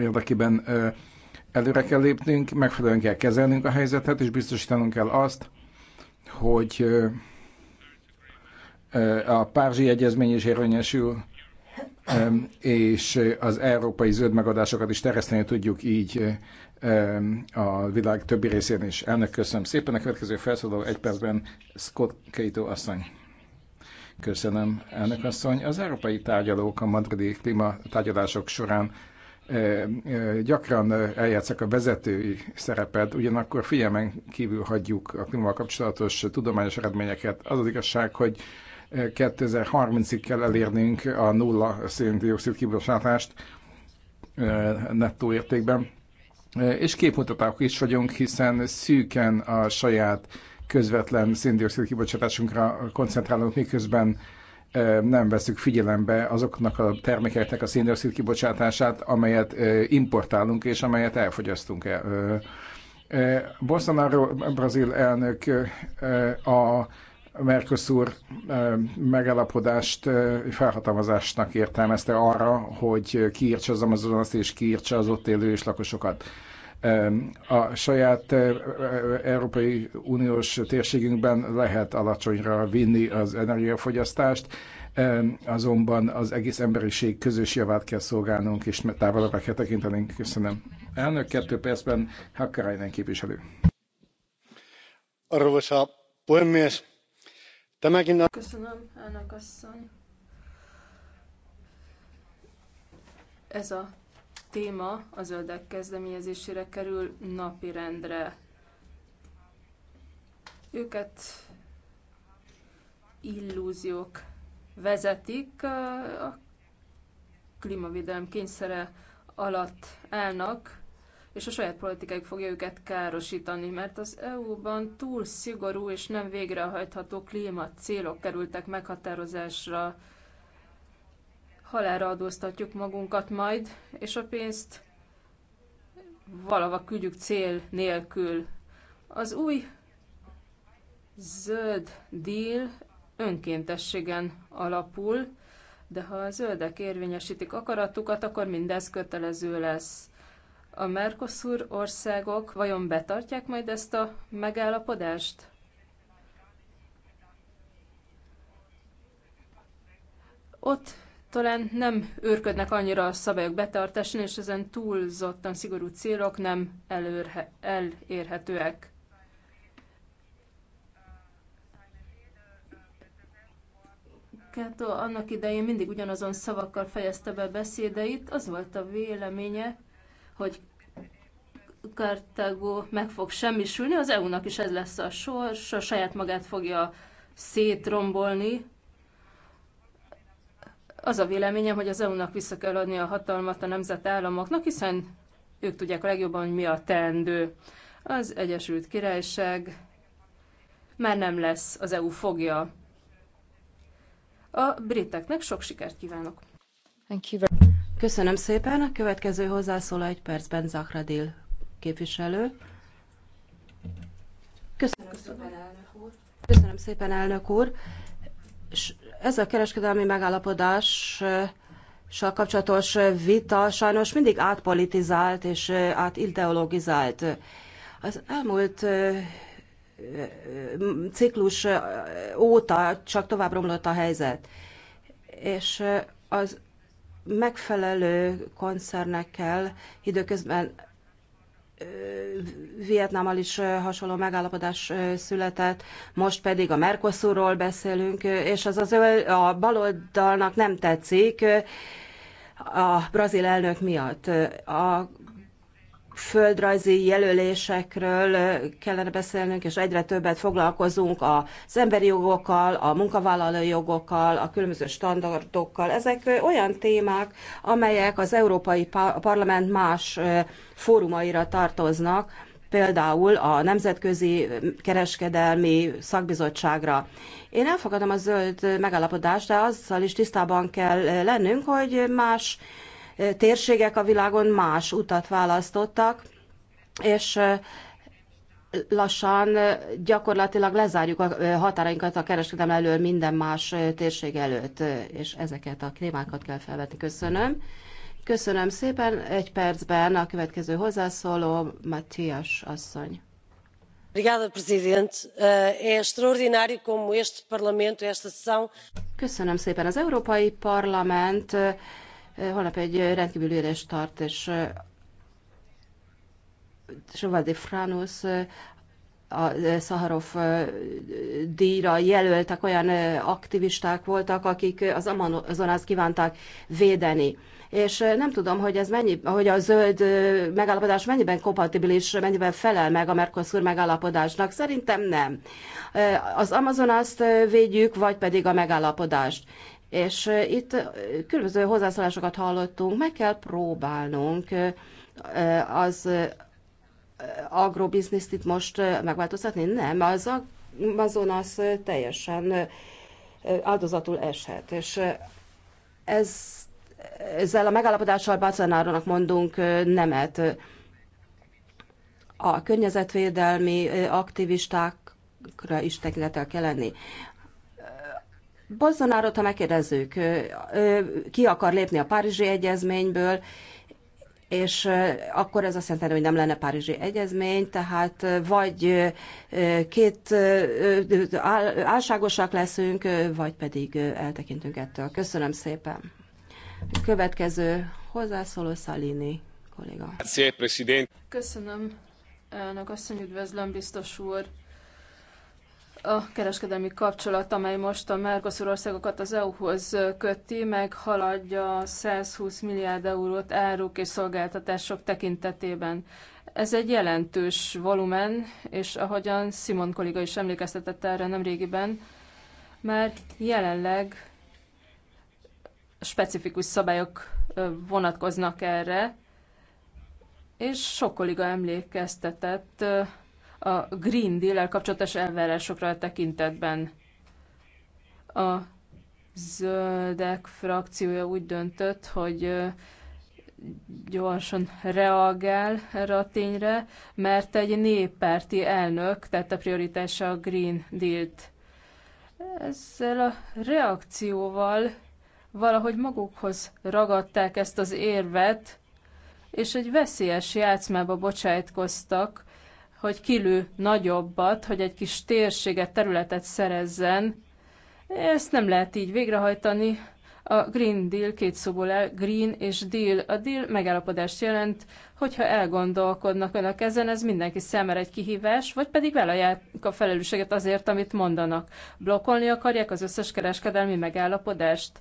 érdekében előre kell lépnünk, megfelelően kell kezelnünk a helyzetet, és biztosítanunk kell azt, hogy a Párizsi Egyezmény is érvényesül, és az európai zöld megadásokat is terjeszteni tudjuk így a világ többi részén is. Elnök, köszönöm szépen. A következő felszólaló egy percben Scott Cato asszony. Köszönöm, elnök asszony. Az európai tárgyalók a madridi klíma tárgyalások során gyakran eljátszak a vezetői szerepet, ugyanakkor figyelmen kívül hagyjuk a klímával kapcsolatos tudományos eredményeket. Az az igazság, hogy 2030-ig kell elérnünk a nulla széndiokszid kibocsátást nettó értékben. És képmutatók is vagyunk, hiszen szűken a saját közvetlen széndiokszid kibocsátásunkra koncentrálunk, miközben nem veszük figyelembe azoknak a termékeknek a széndiokszid kibocsátását, amelyet importálunk és amelyet elfogyasztunk el. Bolsonaro brazil elnök a Mercosur megalapodást felhatalmazásnak értelmezte arra, hogy kiírtsa az Amazonas és kiírtsa az ott élő és lakosokat. A saját eh, eh, Európai Uniós térségünkben lehet alacsonyra vinni az energiafogyasztást, azonban az egész emberiség közös javát kell szolgálnunk, és távolabbra kell tekintenünk. Köszönöm. Elnök, kettő percben Hakkarainen képviselő. Arvoisa puhemies, tämäkin... Köszönöm, elnök asszony. Ez a téma a zöldek kezdeményezésére kerül napirendre. Őket illúziók vezetik, a klímavédelem kényszere alatt állnak, és a saját politikájuk fogja őket károsítani, mert az EU-ban túl szigorú és nem végrehajtható klímacélok kerültek meghatározásra, halálra adóztatjuk magunkat majd, és a pénzt valava küldjük cél nélkül. Az új zöld deal önkéntességen alapul, de ha a zöldek érvényesítik akaratukat, akkor mindez kötelező lesz. A Mercosur országok vajon betartják majd ezt a megállapodást? Ott talán nem őrködnek annyira a szabályok betartásán, és ezen túlzottan szigorú célok nem előrhe, elérhetőek. Kato annak idején mindig ugyanazon szavakkal fejezte be beszédeit, az volt a véleménye, hogy Kartágó meg fog semmisülni, az EU-nak is ez lesz a sors, a saját magát fogja szétrombolni, az a véleményem, hogy az EU-nak vissza kell adni a hatalmat a nemzetállamoknak, hiszen ők tudják a legjobban, hogy mi a teendő. Az Egyesült Királyság már nem lesz az EU fogja. A briteknek sok sikert kívánok! Köszönöm szépen. A következő hozzászól egy percben Zahradil képviselő. Köszönöm szépen, elnök úr. Köszönöm szépen, elnök úr. És ez a kereskedelmi megállapodás kapcsolatos vita sajnos mindig átpolitizált és átideologizált. Az elmúlt ciklus óta csak tovább romlott a helyzet. És az megfelelő koncernekkel időközben Vietnámmal is hasonló megállapodás született, most pedig a Mercosurról beszélünk, és az az a baloldalnak nem tetszik a brazil elnök miatt. A földrajzi jelölésekről kellene beszélnünk, és egyre többet foglalkozunk az emberi jogokkal, a munkavállalói jogokkal, a különböző standardokkal. Ezek olyan témák, amelyek az Európai Parlament más fórumaira tartoznak, például a Nemzetközi Kereskedelmi Szakbizottságra. Én elfogadom a zöld megállapodást, de azzal is tisztában kell lennünk, hogy más térségek a világon más utat választottak, és lassan gyakorlatilag lezárjuk a határainkat a kereskedelem elől minden más térség előtt, és ezeket a témákat kell felvetni. Köszönöm. Köszönöm szépen. Egy percben a következő hozzászóló, Matthias asszony. Eh, Köszönöm szépen. Az Európai Parlament holnap egy rendkívül ülés tart, és Joval de Franus a Szaharov díjra jelöltek olyan aktivisták voltak, akik az Amazonát kívánták védeni. És nem tudom, hogy ez mennyi, hogy a zöld megállapodás mennyiben kompatibilis, mennyiben felel meg a Mercosur megállapodásnak. Szerintem nem. Az Amazonást védjük, vagy pedig a megállapodást. És itt különböző hozzászólásokat hallottunk, meg kell próbálnunk az agrobizniszt itt most megváltoztatni? Nem, az az teljesen áldozatul eshet, és ez, ezzel a megállapodással Bacenáronak mondunk nemet. A környezetvédelmi aktivistákra is tekintettel kell lenni. Bolsonaro-t, ha megkérdezzük, ki akar lépni a Párizsi Egyezményből, és akkor ez azt jelenti, hogy nem lenne Párizsi Egyezmény, tehát vagy két álságosak leszünk, vagy pedig eltekintünk ettől. Köszönöm szépen. Következő hozzászóló Szalini kolléga. Köszönöm, elnök asszony, üdvözlöm, biztos úr a kereskedelmi kapcsolat, amely most a Mercosur országokat az EU-hoz köti, meghaladja 120 milliárd eurót áruk és szolgáltatások tekintetében. Ez egy jelentős volumen, és ahogyan Simon kolléga is emlékeztetett erre nemrégiben, már jelenleg specifikus szabályok vonatkoznak erre, és sok kolléga emlékeztetett a Green Deal-el kapcsolatos elvárásokra a tekintetben. A zöldek frakciója úgy döntött, hogy gyorsan reagál erre a tényre, mert egy néppárti elnök tette prioritása a Green Deal-t. Ezzel a reakcióval valahogy magukhoz ragadták ezt az érvet, és egy veszélyes játszmába bocsájtkoztak, hogy kilő nagyobbat, hogy egy kis térséget, területet szerezzen. Ezt nem lehet így végrehajtani. A Green Deal két szóból el, Green és Deal. A Deal megállapodást jelent, hogyha elgondolkodnak önök ezen, ez mindenki számára egy kihívás, vagy pedig vállalják a felelősséget azért, amit mondanak. Blokkolni akarják az összes kereskedelmi megállapodást.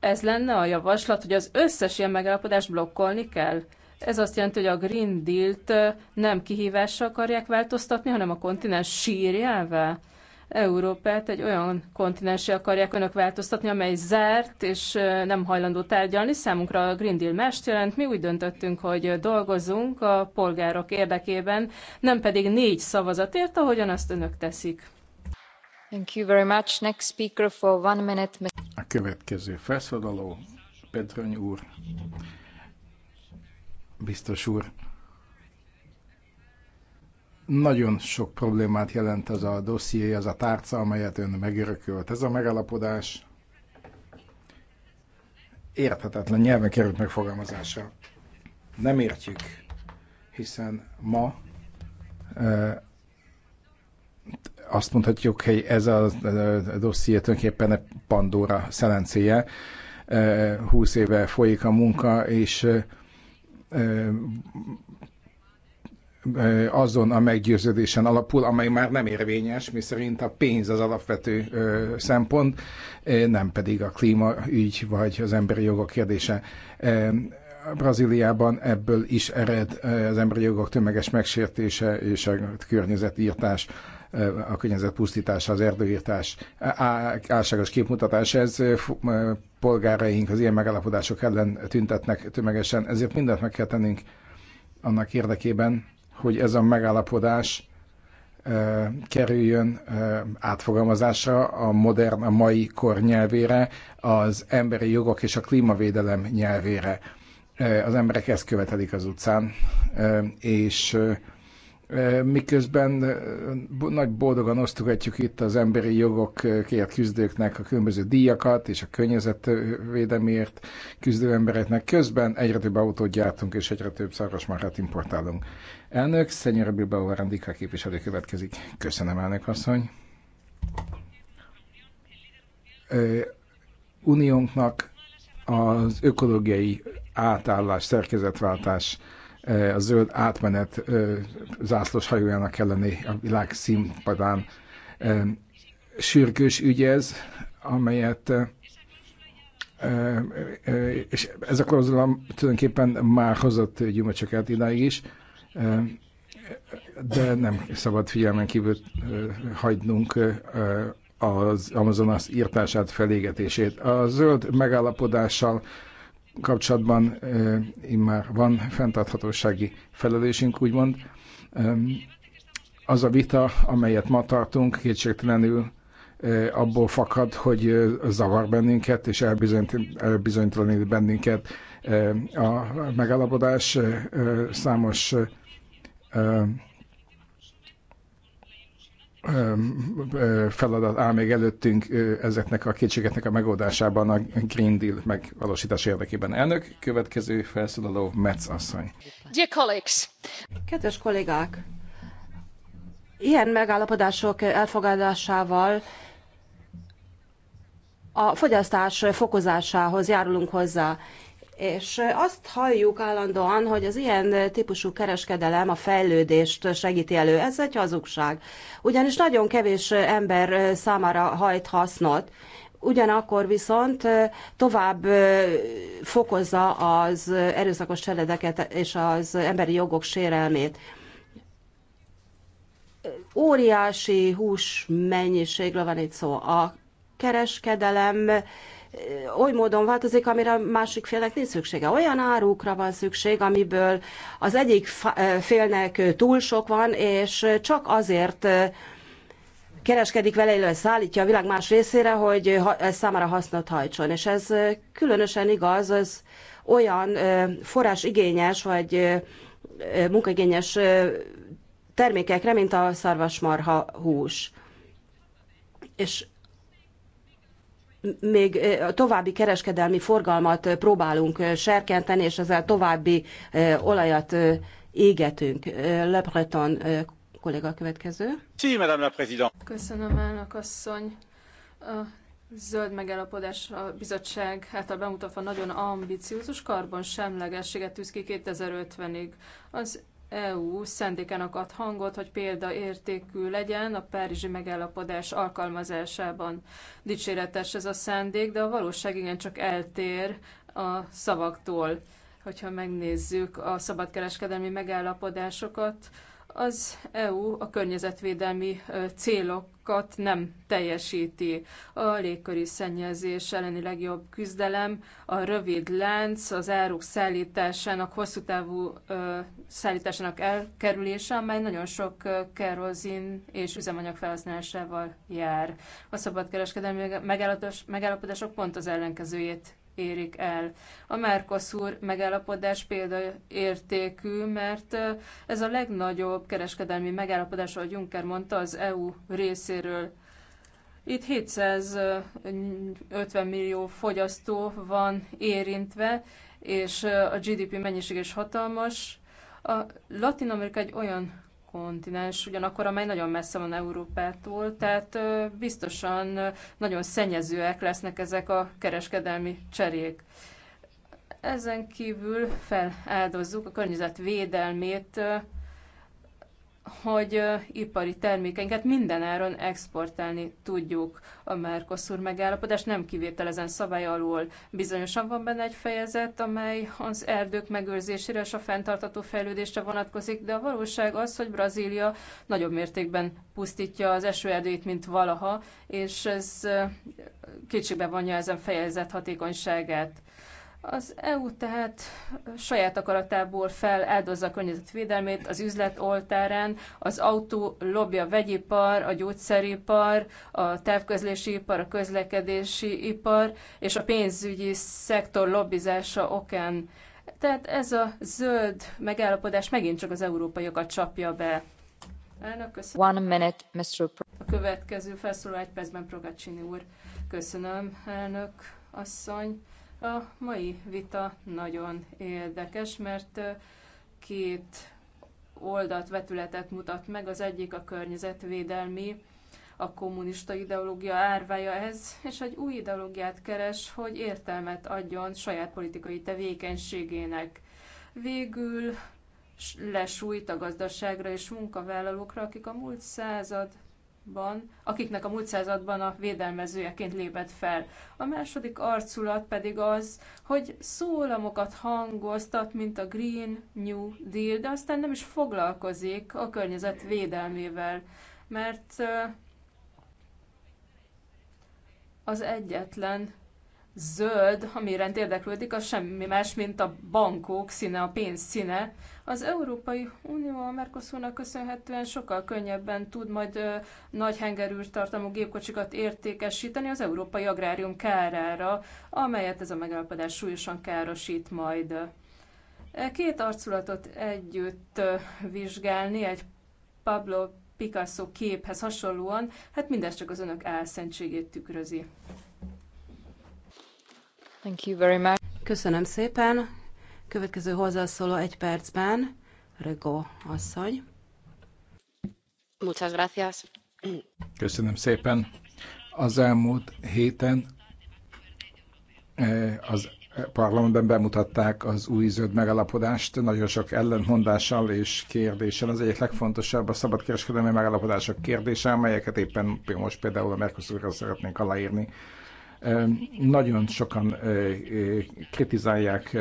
Ez lenne a javaslat, hogy az összes ilyen megállapodást blokkolni kell. Ez azt jelenti, hogy a Green Deal-t nem kihívásra akarják változtatni, hanem a kontinens sírjával. Európát egy olyan kontinensé akarják önök változtatni, amely zárt és nem hajlandó tárgyalni. Számunkra a Green Deal mást jelent. Mi úgy döntöttünk, hogy dolgozunk a polgárok érdekében, nem pedig négy szavazatért, ahogyan azt önök teszik. Thank you very much. Next speaker for one minute. A következő felszólaló Petrony úr biztos úr. Nagyon sok problémát jelent ez a dosszié, az a tárca, amelyet ön megörökölt. Ez a megalapodás érthetetlen nyelven került megfogalmazásra. Nem értjük, hiszen ma e, azt mondhatjuk, hogy ez a dosszié tulajdonképpen Pandora szelencéje. 20 éve folyik a munka, és azon a meggyőződésen alapul, amely már nem érvényes, szerint a pénz az alapvető szempont, nem pedig a klímaügy vagy az emberi jogok kérdése. Brazíliában ebből is ered az emberi jogok tömeges megsértése és a környezetírtás a környezet pusztítása, az erdőírtás, álságos képmutatás, ez polgáraink az ilyen megállapodások ellen tüntetnek tömegesen, ezért mindent meg kell tennünk annak érdekében, hogy ez a megállapodás kerüljön átfogalmazásra a modern, a mai kor nyelvére, az emberi jogok és a klímavédelem nyelvére. Az emberek ezt követelik az utcán, és miközben nagy boldogan osztogatjuk itt az emberi jogokért küzdőknek a különböző díjakat és a környezetvédelmért küzdő embereknek. Közben egyre több autót gyártunk és egyre több szarvasmarhát importálunk. Elnök, Szenyőre Bilbao Arandika képviselő következik. Köszönöm, elnök asszony. Uniónknak az ökológiai átállás, szerkezetváltás a zöld átmenet zászlós hajójának kell a világ színpadán. Sürgős ügy ez, amelyet és ez a korozalom tulajdonképpen már hozott gyümölcsöket idáig is, de nem szabad figyelmen kívül hagynunk az Amazonas írtását, felégetését. A zöld megállapodással kapcsolatban immár van fenntarthatósági felelősünk, úgymond. Az a vita, amelyet ma tartunk, kétségtelenül abból fakad, hogy zavar bennünket, és elbizonytalanít bennünket a megállapodás számos feladat áll még előttünk ezeknek a kétségeknek a megoldásában a Green Deal megvalósítás érdekében. Elnök, következő felszólaló Metz asszony. Dear colleagues. Kedves kollégák! Ilyen megállapodások elfogadásával a fogyasztás fokozásához járulunk hozzá. És azt halljuk állandóan, hogy az ilyen típusú kereskedelem a fejlődést segíti elő. Ez egy hazugság. Ugyanis nagyon kevés ember számára hajt hasznot. Ugyanakkor viszont tovább fokozza az erőszakos cseledeket és az emberi jogok sérelmét. Óriási hús mennyiségről van itt szó. A kereskedelem oly módon változik, amire a másik félnek nincs szüksége. Olyan árukra van szükség, amiből az egyik félnek túl sok van, és csak azért kereskedik vele, illetve szállítja a világ más részére, hogy ez számára hasznot hajtson. És ez különösen igaz, az olyan forrásigényes, vagy munkaigényes termékekre, mint a szarvasmarha hús. És még további kereskedelmi forgalmat próbálunk serkenteni, és ezzel további olajat égetünk. Le Breton kolléga következő. Sí, madame la présidente. Köszönöm, elnök asszony. A zöld megállapodás a bizottság által bemutatva nagyon ambiciózus karbon semlegességet tűz ki 2050-ig. Az EU szendékának ad hangot, hogy példaértékű legyen a Párizsi megállapodás alkalmazásában. Dicséretes ez a szándék, de a valóság igencsak eltér a szavaktól. Hogyha megnézzük a szabadkereskedelmi megállapodásokat, az EU a környezetvédelmi célokat nem teljesíti. A légköri szennyezés elleni legjobb küzdelem, a rövid lánc, az áruk szállításának, hosszú távú szállításának elkerülése, amely nagyon sok kerozin és üzemanyag felhasználásával jár. A szabadkereskedelmi megállapodások pont az ellenkezőjét érik el. A Mercosur megállapodás példaértékű, mert ez a legnagyobb kereskedelmi megállapodás, ahogy Juncker mondta, az EU részéről. Itt 750 millió fogyasztó van érintve, és a GDP mennyiség is hatalmas. A Latin Amerika egy olyan kontinens, ugyanakkor amely nagyon messze van Európától, tehát biztosan nagyon szennyezőek lesznek ezek a kereskedelmi cserék. Ezen kívül feláldozzuk a környezet védelmét, hogy ipari termékeinket mindenáron exportálni tudjuk. A Mercosur megállapodás nem kivétel ezen szabály alól. Bizonyosan van benne egy fejezet, amely az erdők megőrzésére és a fenntartató fejlődésre vonatkozik, de a valóság az, hogy Brazília nagyobb mértékben pusztítja az esőerdőit, mint valaha, és ez kétségbe vonja ezen fejezet hatékonyságát. Az EU tehát saját akaratából feláldozza a környezetvédelmét az üzlet oltárán, az autó, lobja a vegyipar, a gyógyszeripar, a távközlési ipar, a közlekedési ipar és a pénzügyi szektor lobbizása okán. Tehát ez a zöld megállapodás megint csak az európaiakat csapja be. Elnök, köszönöm. One minute, Mr. A következő felszóló egy percben Progacsini úr. Köszönöm, elnök asszony. A mai vita nagyon érdekes, mert két oldalt vetületet mutat meg. Az egyik a környezetvédelmi, a kommunista ideológia árvája ez, és egy új ideológiát keres, hogy értelmet adjon saját politikai tevékenységének. Végül lesújt a gazdaságra és munkavállalókra, akik a múlt század században, akiknek a múlt században a védelmezőjeként lépett fel. A második arculat pedig az, hogy szólamokat hangoztat, mint a Green New Deal, de aztán nem is foglalkozik a környezet védelmével, mert az egyetlen zöld, ami iránt érdeklődik, az semmi más, mint a bankok színe, a pénz színe. Az Európai Unió a Mercosurnak köszönhetően sokkal könnyebben tud majd ö, nagy hengerű tartalmú gépkocsikat értékesíteni az európai agrárium kárára, amelyet ez a megállapodás súlyosan károsít majd. E, két arculatot együtt vizsgálni egy Pablo Picasso képhez hasonlóan, hát mindez csak az önök álszentségét tükrözi. Thank you very much. Köszönöm szépen. Következő hozzászóló egy percben, Rego asszony. Muchas gracias. Köszönöm szépen. Az elmúlt héten eh, az parlamentben bemutatták az új zöld megalapodást, nagyon sok ellentmondással és kérdéssel. Az egyik legfontosabb a szabadkereskedelmi megalapodások kérdése, amelyeket éppen most például a Mercosurral szeretnénk aláírni nagyon sokan kritizálják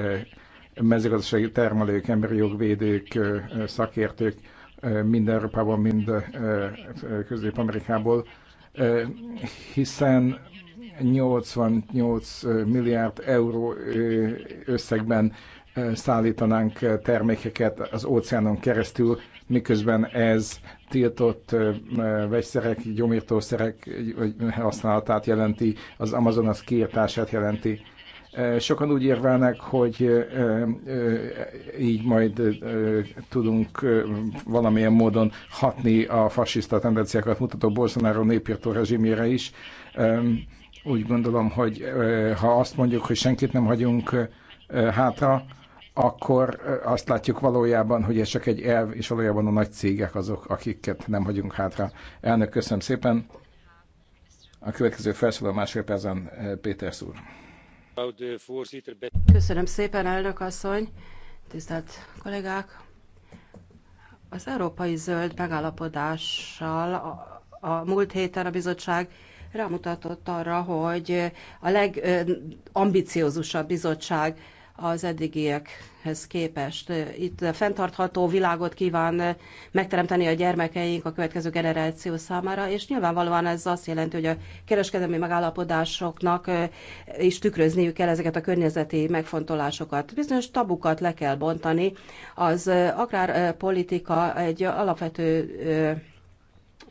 mezőgazdasági termelők, emberi jogvédők, szakértők, mind Európában, mind Közép-Amerikából, hiszen 88 milliárd euró összegben szállítanánk termékeket az óceánon keresztül, miközben ez tiltott vegyszerek, gyomírtószerek használatát jelenti, az Amazonas kiirtását jelenti. Sokan úgy érvelnek, hogy így majd tudunk valamilyen módon hatni a fasiszta tendenciákat mutató Bolsonaro népírtó rezsimére is. Úgy gondolom, hogy ha azt mondjuk, hogy senkit nem hagyunk hátra, akkor azt látjuk valójában, hogy ez csak egy elv, és valójában a nagy cégek azok, akiket nem hagyunk hátra. Elnök, köszönöm szépen. A következő felszólal másfél percen Péter Szúr. Köszönöm szépen, elnök asszony, tisztelt kollégák. Az európai zöld megállapodással a, a múlt héten a bizottság rámutatott arra, hogy a legambiciózusabb bizottság az eddigiekhez képest. Itt fenntartható világot kíván megteremteni a gyermekeink a következő generáció számára, és nyilvánvalóan ez azt jelenti, hogy a kereskedelmi megállapodásoknak is tükrözniük kell ezeket a környezeti megfontolásokat. Bizonyos tabukat le kell bontani. Az agrárpolitika egy alapvető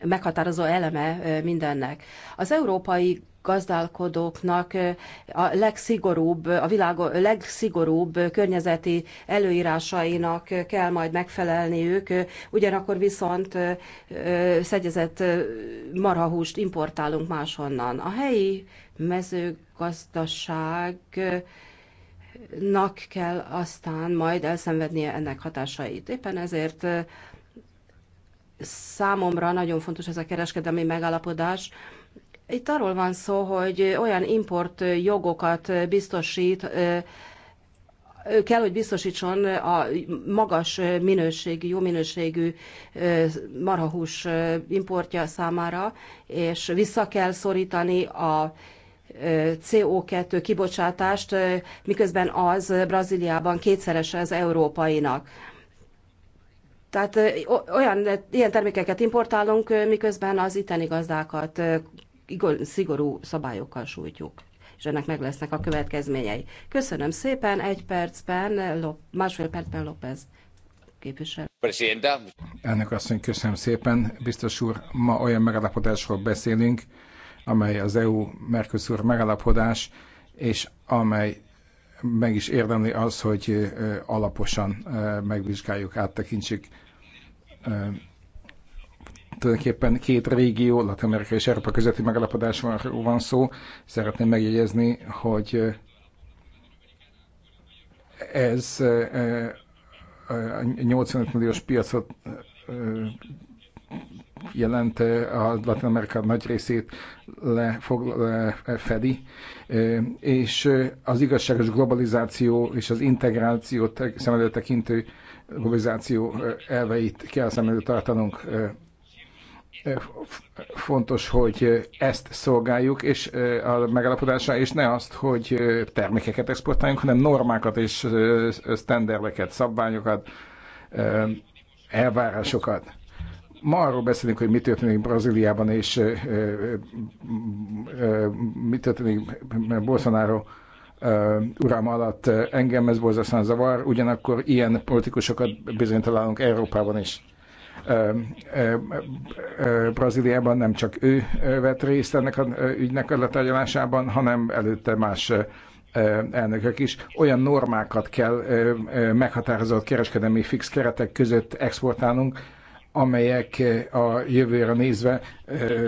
meghatározó eleme mindennek. Az európai gazdálkodóknak a legszigorúbb, a világ legszigorúbb környezeti előírásainak kell majd megfelelniük, ugyanakkor viszont szegyezett marhahúst importálunk máshonnan. A helyi mezőgazdaságnak kell aztán majd elszenvednie ennek hatásait. Éppen ezért számomra nagyon fontos ez a kereskedelmi megállapodás, itt arról van szó, hogy olyan import jogokat biztosít, kell, hogy biztosítson a magas minőségű, jó minőségű marhahús importja számára, és vissza kell szorítani a CO2 kibocsátást, miközben az Brazíliában kétszerese az európainak. Tehát olyan, ilyen termékeket importálunk, miközben az itteni gazdákat szigorú szabályokkal sújtjuk és ennek meg lesznek a következményei. Köszönöm szépen, egy percben, másfél percben López képviselő. Elnök asszony, köszönöm szépen. Biztos úr, ma olyan megállapodásról beszélünk, amely az EU-Mercosur megállapodás, és amely meg is érdemli az, hogy alaposan megvizsgáljuk, áttekintsük Tulajdonképpen két régió, Latin-Amerika és Európa közötti megalapodásról van szó. Szeretném megjegyezni, hogy ez a 85 milliós piacot jelent a Latin Amerika nagy részét lefedi, és az igazságos globalizáció és az integráció szem előtt tekintő globalizáció elveit kell szem előtt tartanunk fontos, hogy ezt szolgáljuk, és a megállapodásra, és ne azt, hogy termékeket exportáljunk, hanem normákat és sztenderdeket, szabványokat, elvárásokat. Ma arról beszélünk, hogy mi történik Brazíliában, és mi történik Bolsonaro uram alatt. Engem ez borzasztóan zavar, ugyanakkor ilyen politikusokat bizony találunk Európában is. Brazíliában nem csak ő vett részt ennek a ügynek a letárgyalásában, hanem előtte más elnökök is. Olyan normákat kell meghatározott kereskedelmi fix keretek között exportálnunk, amelyek a jövőre nézve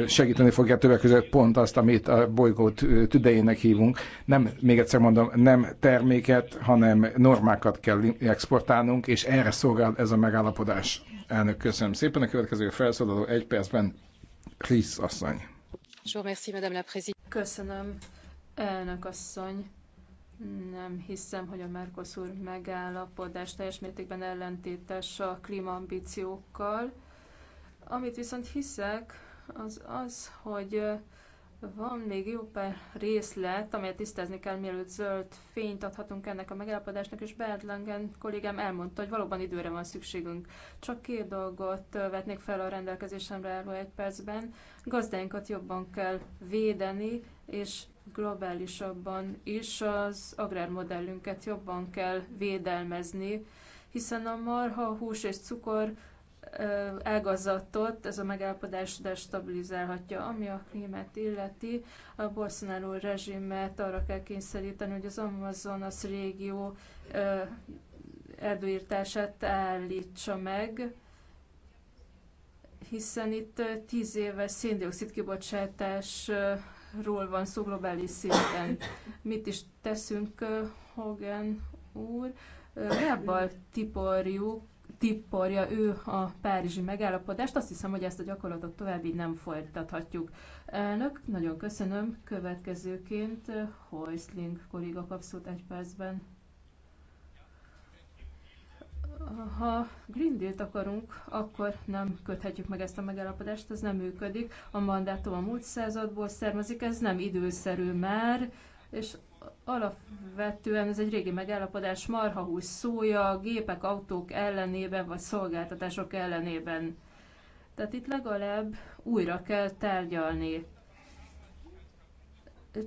segíteni fogják többek között pont azt, amit a bolygót tüdejének hívunk. Nem, még egyszer mondom, nem terméket, hanem normákat kell exportálnunk, és erre szolgál ez a megállapodás. Elnök, köszönöm szépen. A következő felszólaló egy percben Krisz asszony. Köszönöm, elnök asszony. Nem hiszem, hogy a Mercosur megállapodás teljes mértékben ellentétes a klímaambíciókkal. Amit viszont hiszek, az az, hogy van még jó pár részlet, amelyet tisztázni kell, mielőtt zöld fényt adhatunk ennek a megállapodásnak, és Bernd Langen kollégám elmondta, hogy valóban időre van szükségünk. Csak két dolgot vetnék fel a rendelkezésemre álló egy percben. Gazdáinkat jobban kell védeni, és globálisabban is az agrármodellünket jobban kell védelmezni, hiszen a marha, hús és cukor ágazatot ez a megállapodás destabilizálhatja. Ami a klímát illeti, a Bolsonaro rezsimet arra kell kényszeríteni, hogy az Amazonas régió erdőírtását állítsa meg, hiszen itt tíz éves széndiokszid kibocsátásról van szó globális szinten. Mit is teszünk, Hogan úr? Lábbal tiporjuk tipporja ő a párizsi megállapodást. Azt hiszem, hogy ezt a gyakorlatot tovább így nem folytathatjuk. Elnök, nagyon köszönöm. Következőként Hoisling eh, kolléga kapszót egy percben. Ha Green deal akarunk, akkor nem köthetjük meg ezt a megállapodást, ez nem működik. A mandátum a múlt századból származik, ez nem időszerű már, és alapvetően ez egy régi megállapodás, marhahús szója, gépek, autók ellenében, vagy szolgáltatások ellenében. Tehát itt legalább újra kell tárgyalni.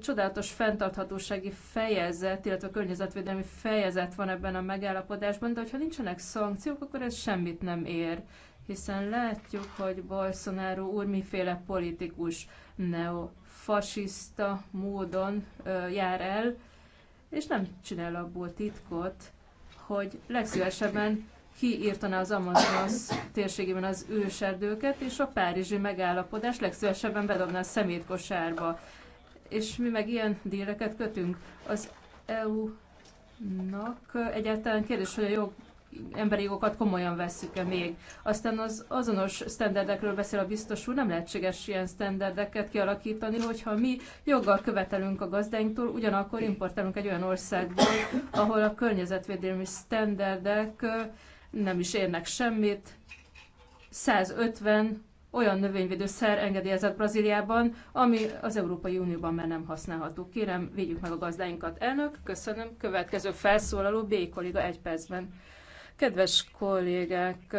Csodálatos fenntarthatósági fejezet, illetve környezetvédelmi fejezet van ebben a megállapodásban, de hogyha nincsenek szankciók, akkor ez semmit nem ér hiszen látjuk, hogy Bolsonaro úr miféle politikus neo fasiszta módon jár el, és nem csinál abból titkot, hogy legszívesebben kiírtaná az Amazonas térségében az őserdőket, és a párizsi megállapodás legszívesebben bedobná a szemétkosárba. És mi meg ilyen díleket kötünk. Az EU-nak egyáltalán kérdés, hogy a jog emberi jogokat komolyan vesszük-e még. Aztán az azonos sztenderdekről beszél a biztos úr, nem lehetséges ilyen sztenderdeket kialakítani, hogyha mi joggal követelünk a gazdáinktól, ugyanakkor importálunk egy olyan országból, ahol a környezetvédelmi sztenderdek nem is érnek semmit. 150 olyan növényvédőszer engedélyezett Brazíliában, ami az Európai Unióban már nem használható. Kérem, védjük meg a gazdáinkat. Elnök, köszönöm. Következő felszólaló B kolléga egy percben. Kedves kollégák,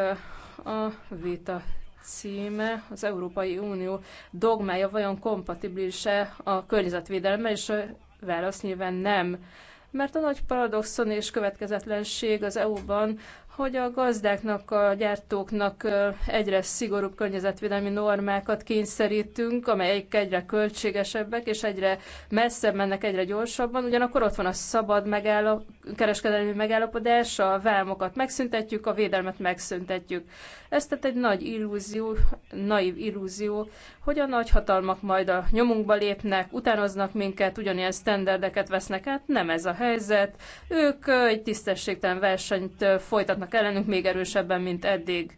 a vita címe az Európai Unió dogmája vajon kompatibilis-e a környezetvédelemmel, és a válasz nyilván nem. Mert a nagy paradoxon és következetlenség az EU-ban, hogy a gazdáknak, a gyártóknak egyre szigorúbb környezetvédelmi normákat kényszerítünk, amelyek egyre költségesebbek és egyre messzebb mennek, egyre gyorsabban. Ugyanakkor ott van a szabad megállap, kereskedelmi megállapodás, a vámokat megszüntetjük, a védelmet megszüntetjük. Ez tehát egy nagy illúzió, naív illúzió, hogy a nagyhatalmak majd a nyomunkba lépnek, utánoznak minket, ugyanilyen sztenderdeket vesznek át. Nem ez a helyzet. Ők egy tisztességtelen versenyt folytatnak erősebbeknek kell még erősebben, mint eddig.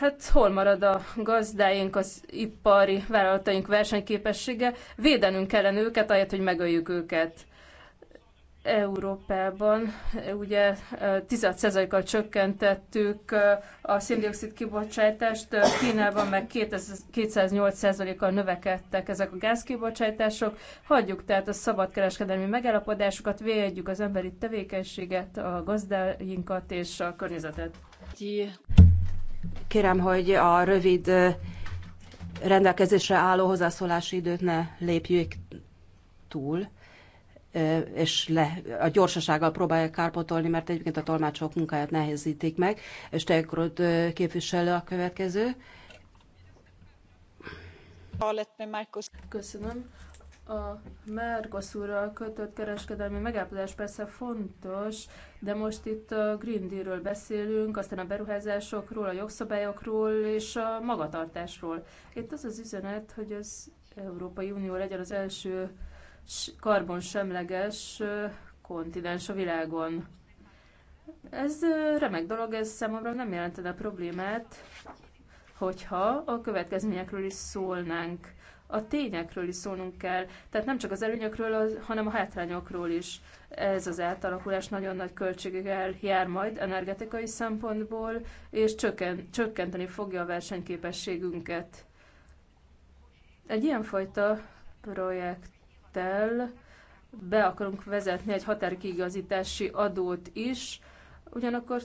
Hát hol marad a gazdáink, az ipari vállalataink versenyképessége? Védenünk kellene őket, ahelyett, hogy megöljük őket. Európában ugye 10%-kal csökkentettük a széndiokszid kibocsátást, Kínában meg 208%-kal növekedtek ezek a gázkibocsátások. Hagyjuk tehát a szabadkereskedelmi megállapodásokat, védjük az emberi tevékenységet, a gazdáinkat és a környezetet. Kérem, hogy a rövid rendelkezésre álló hozzászólási időt ne lépjük túl és le, a gyorsasággal próbálják kárpotolni, mert egyébként a tolmácsok munkáját nehézítik meg. És Tekrod képviselő a következő. Köszönöm. A Mercosurral kötött kereskedelmi megállapodás persze fontos, de most itt a Green Deal-ről beszélünk, aztán a beruházásokról, a jogszabályokról és a magatartásról. Itt az az üzenet, hogy az Európai Unió legyen az első karbonsemleges kontinens a világon. Ez remek dolog, ez számomra nem jelentene problémát, hogyha a következményekről is szólnánk. A tényekről is szólnunk kell, tehát nem csak az előnyökről, hanem a hátrányokról is. Ez az átalakulás nagyon nagy költségekkel jár majd energetikai szempontból, és csökken, csökkenteni fogja a versenyképességünket. Egy ilyenfajta projekt ezzel be akarunk vezetni egy határkigazítási adót is, ugyanakkor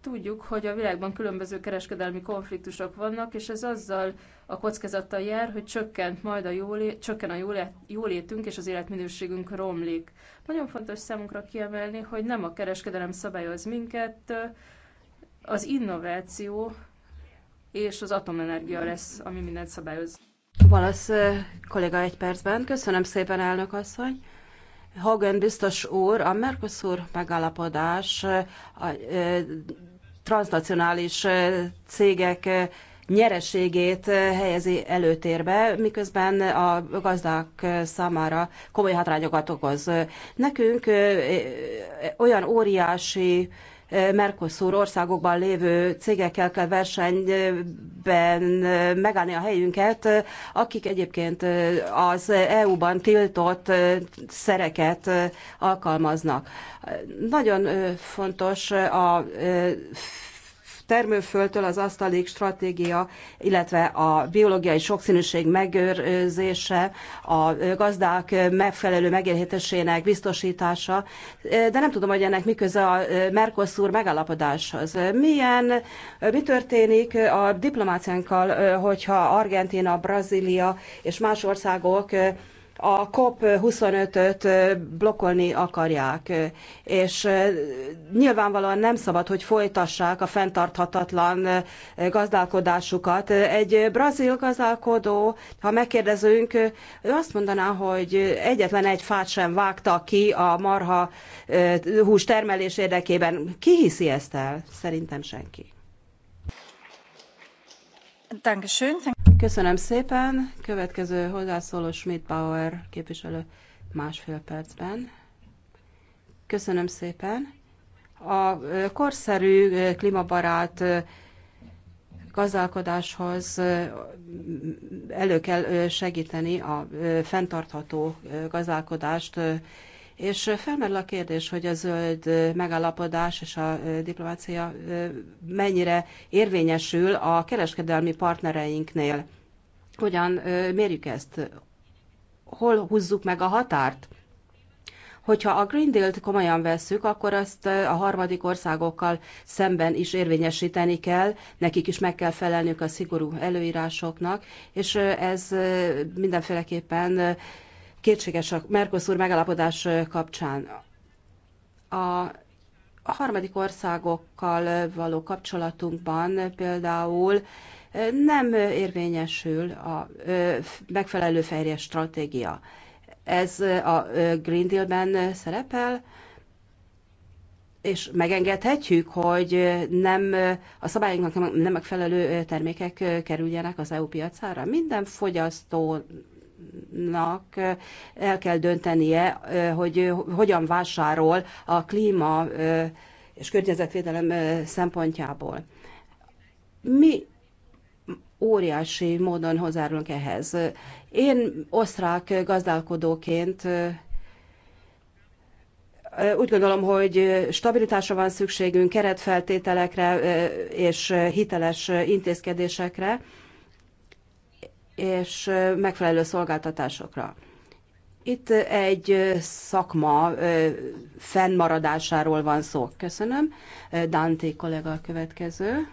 tudjuk, hogy a világban különböző kereskedelmi konfliktusok vannak, és ez azzal a kockázattal jár, hogy csökkent majd a jólé, csökken a jólé, jólétünk és az életminőségünk romlik. Nagyon fontos számunkra kiemelni, hogy nem a kereskedelem szabályoz minket, az innováció és az atomenergia lesz, ami mindent szabályoz. Valasz kolléga egy percben. Köszönöm szépen, elnök asszony. Hagen biztos úr, a Mercosur megállapodás a transnacionális cégek nyereségét helyezi előtérbe, miközben a gazdák számára komoly hátrányokat okoz. Nekünk olyan óriási Mercosur országokban lévő cégekkel kell versenyben megállni a helyünket, akik egyébként az EU-ban tiltott szereket alkalmaznak. Nagyon fontos a termőföldtől az asztalig stratégia, illetve a biológiai sokszínűség megőrzése, a gazdák megfelelő megélhetésének biztosítása, de nem tudom, hogy ennek miköze a Mercosur megalapodáshoz. Milyen, mi történik a diplomáciánkkal, hogyha Argentina, Brazília és más országok a COP25-öt blokkolni akarják, és nyilvánvalóan nem szabad, hogy folytassák a fenntarthatatlan gazdálkodásukat. Egy brazil gazdálkodó, ha megkérdezünk, ő azt mondaná, hogy egyetlen egy fát sem vágta ki a marha hús termelés érdekében. Ki hiszi ezt el? Szerintem senki. Köszönöm szépen. Következő hozzászóló Schmidt Bauer képviselő másfél percben. Köszönöm szépen. A korszerű klímabarát gazdálkodáshoz elő kell segíteni a fenntartható gazdálkodást és felmerül a kérdés, hogy a zöld megállapodás és a diplomácia mennyire érvényesül a kereskedelmi partnereinknél. Hogyan mérjük ezt? Hol húzzuk meg a határt? Hogyha a Green Deal-t komolyan vesszük, akkor azt a harmadik országokkal szemben is érvényesíteni kell, nekik is meg kell felelnünk a szigorú előírásoknak, és ez mindenféleképpen kétséges a Mercosur megalapodás kapcsán. A a harmadik országokkal való kapcsolatunkban például nem érvényesül a megfelelő fehérje stratégia. Ez a Green Deal-ben szerepel, és megengedhetjük, hogy nem a szabályoknak nem megfelelő termékek kerüljenek az EU piacára. Minden fogyasztó nak el kell döntenie, hogy hogyan vásárol a klíma és környezetvédelem szempontjából. Mi óriási módon hozzárulunk ehhez. Én osztrák gazdálkodóként úgy gondolom, hogy stabilitásra van szükségünk, keretfeltételekre és hiteles intézkedésekre és megfelelő szolgáltatásokra. Itt egy szakma fennmaradásáról van szó. Köszönöm. Dante kollega a következő.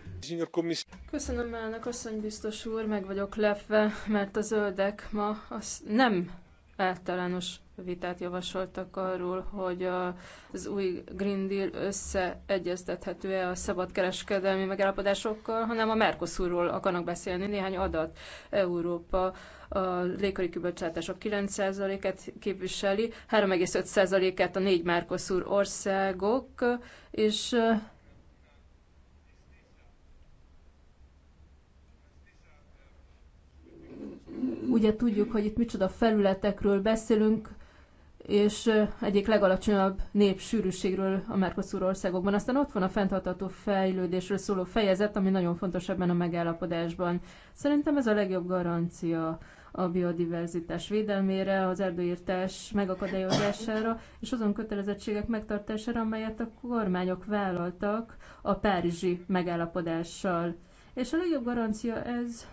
Köszönöm elnök asszony biztos úr, meg vagyok lepve, mert a zöldek ma az nem általános vitát javasoltak arról, hogy az új Green Deal összeegyeztethető-e a szabadkereskedelmi megállapodásokkal, hanem a Mercosurról akarnak beszélni néhány adat. Európa a légköri kibocsátások 9%-et képviseli, 3,5%-át a négy Mercosur országok, és ugye tudjuk, hogy itt micsoda felületekről beszélünk, és egyik legalacsonyabb népsűrűségről a Mercosur országokban. Aztán ott van a fenntartató fejlődésről szóló fejezet, ami nagyon fontos ebben a megállapodásban. Szerintem ez a legjobb garancia a biodiverzitás védelmére, az erdőírtás megakadályozására és azon kötelezettségek megtartására, amelyet a kormányok vállaltak a párizsi megállapodással. És a legjobb garancia ez,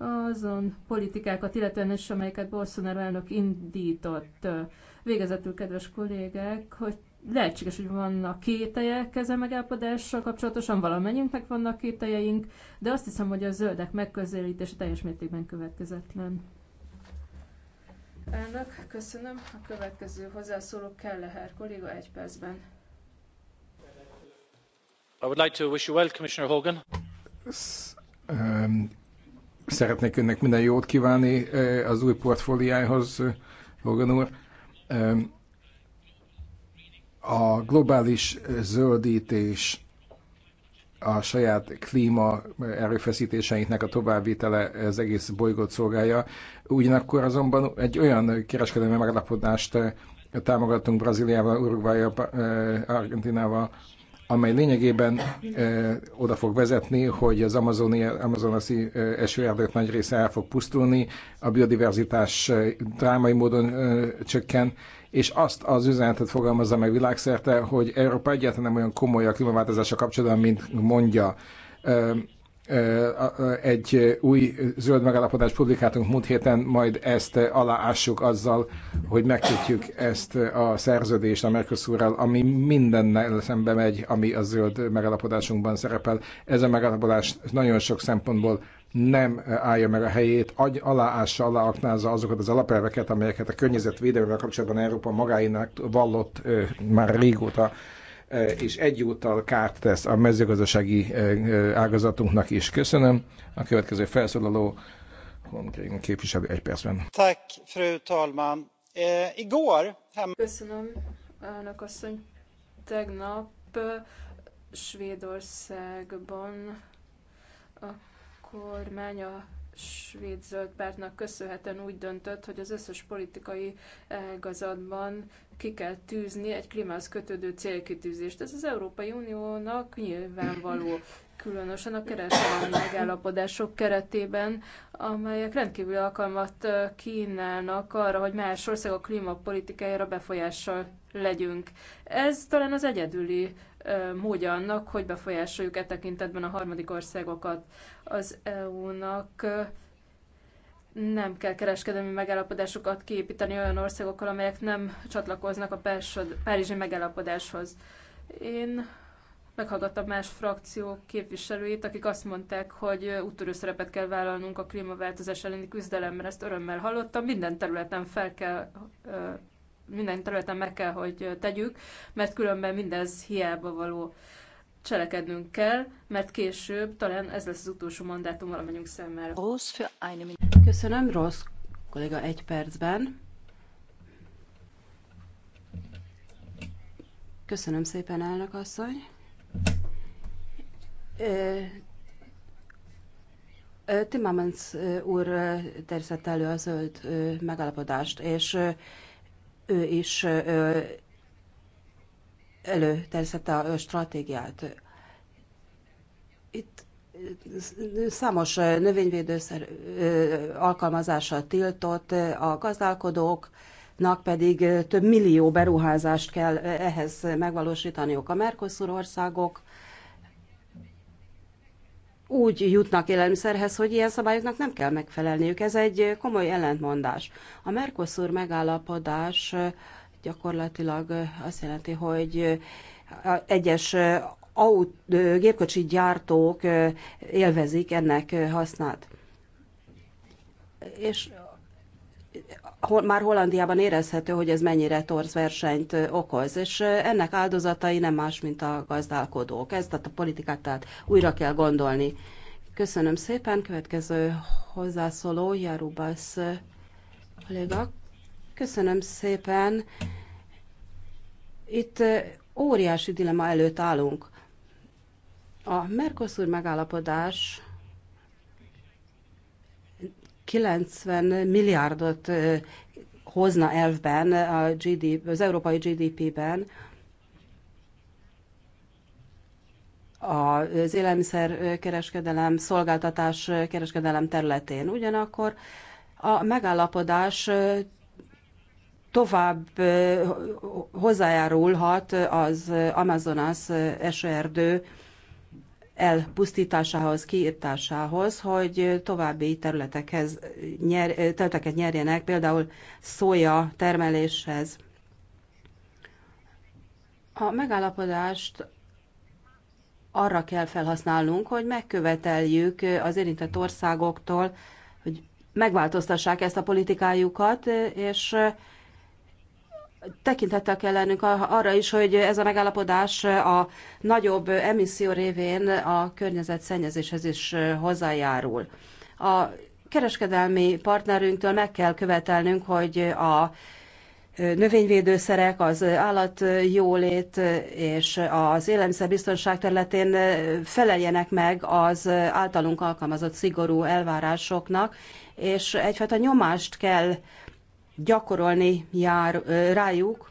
azon politikákat, illetően is, amelyeket Bolsonaro elnök indított. Végezetül, kedves kollégek, hogy lehetséges, hogy vannak kételjek ezzel megállapodással kapcsolatosan, valamennyünknek vannak kételjeink, de azt hiszem, hogy a zöldek megközelítése teljes mértékben következetlen. Elnök, köszönöm. A következő hozzászóló Kelleher kolléga egy percben. I would like to wish you well, Commissioner Hogan. Um, Szeretnék önnek minden jót kívánni az új portfóliához, Hogan úr. A globális zöldítés a saját klíma erőfeszítéseinknek a továbbvitele az egész bolygót szolgálja. Ugyanakkor azonban egy olyan kereskedelmi megalapodást támogatunk Brazíliával, Uruguayjal, Argentinával, amely lényegében ö, oda fog vezetni, hogy az amazoni, amazonasi esőerdők nagy része el fog pusztulni, a biodiverzitás ö, drámai módon ö, csökken, és azt az üzenetet fogalmazza meg világszerte, hogy Európa egyáltalán nem olyan komoly a klímaváltozása kapcsolatban, mint mondja. Ö, egy új zöld megállapodást publikáltunk múlt héten, majd ezt aláássuk azzal, hogy megkötjük ezt a szerződést a Mercosurral, ami mindennel szembe megy, ami a zöld megállapodásunkban szerepel. Ez a megállapodás nagyon sok szempontból nem állja meg a helyét, agy aláássa, aláaknázza azokat az alapelveket, amelyeket a környezetvédelmével kapcsolatban Európa magáinak vallott ö, már régóta. Eh, és egyúttal kárt tesz a mezőgazdasági eh, eh, ágazatunknak is. Köszönöm. A következő felszólaló képviselő egy percben. Tack, fru talman. Igor. Köszönöm, elnök asszony. Tegnap Svédországban a kormány a svéd zöld pártnak köszönhetően úgy döntött, hogy az összes politikai ágazatban ki kell tűzni egy klímához kötődő célkitűzést. Ez az Európai Uniónak nyilvánvaló különösen a kereskedelmi megállapodások keretében, amelyek rendkívül alkalmat kínálnak arra, hogy más országok klímapolitikájára befolyással legyünk. Ez talán az egyedüli módja annak, hogy befolyásoljuk e tekintetben a harmadik országokat. Az EU-nak nem kell kereskedelmi megállapodásokat kiépíteni olyan országokkal, amelyek nem csatlakoznak a Párizsi megállapodáshoz. Én meghallgattam más frakciók képviselőit, akik azt mondták, hogy úttörő szerepet kell vállalnunk a klímaváltozás elleni küzdelemre. Ezt örömmel hallottam. Minden területen fel kell minden területen meg kell, hogy tegyük, mert különben mindez hiába való cselekednünk kell, mert később talán ez lesz az utolsó mandátum valamennyünk számára. Köszönöm, Rossz kolléga egy percben. Köszönöm szépen, elnök asszony. Timmermans úr terjesztett elő a zöld megállapodást, és ő is előterjesztette a stratégiát. Itt számos növényvédőszer alkalmazása tiltott, a gazdálkodóknak pedig több millió beruházást kell ehhez megvalósítaniuk. A Mercosur országok úgy jutnak élelmiszerhez, hogy ilyen szabályoknak nem kell megfelelniük. Ez egy komoly ellentmondás. A Mercosur megállapodás gyakorlatilag azt jelenti, hogy egyes aut, gépkocsi gyártók élvezik ennek hasznát. És már Hollandiában érezhető, hogy ez mennyire torz versenyt okoz, és ennek áldozatai nem más, mint a gazdálkodók. Ezt a politikát tehát újra kell gondolni. Köszönöm szépen. Következő hozzászóló, Jarubasz kolléga. Köszönöm szépen. Itt óriási dilema előtt állunk. A Mercosur megállapodás 90 milliárdot hozna elvben a GDP, az európai GDP-ben az élelmiszerkereskedelem, szolgáltatás kereskedelem területén. Ugyanakkor a megállapodás tovább hozzájárulhat az Amazonas esőerdő elpusztításához, kiirtásához, hogy további területekhez nyer, területeket nyerjenek, például szója termeléshez. A megállapodást arra kell felhasználnunk, hogy megköveteljük az érintett országoktól, hogy megváltoztassák ezt a politikájukat, és tekintettel kell lennünk arra is, hogy ez a megállapodás a nagyobb emisszió révén a környezet szennyezéshez is hozzájárul. A kereskedelmi partnerünktől meg kell követelnünk, hogy a növényvédőszerek, az állatjólét és az élelmiszerbiztonság területén feleljenek meg az általunk alkalmazott szigorú elvárásoknak, és egyfajta nyomást kell gyakorolni jár, rájuk.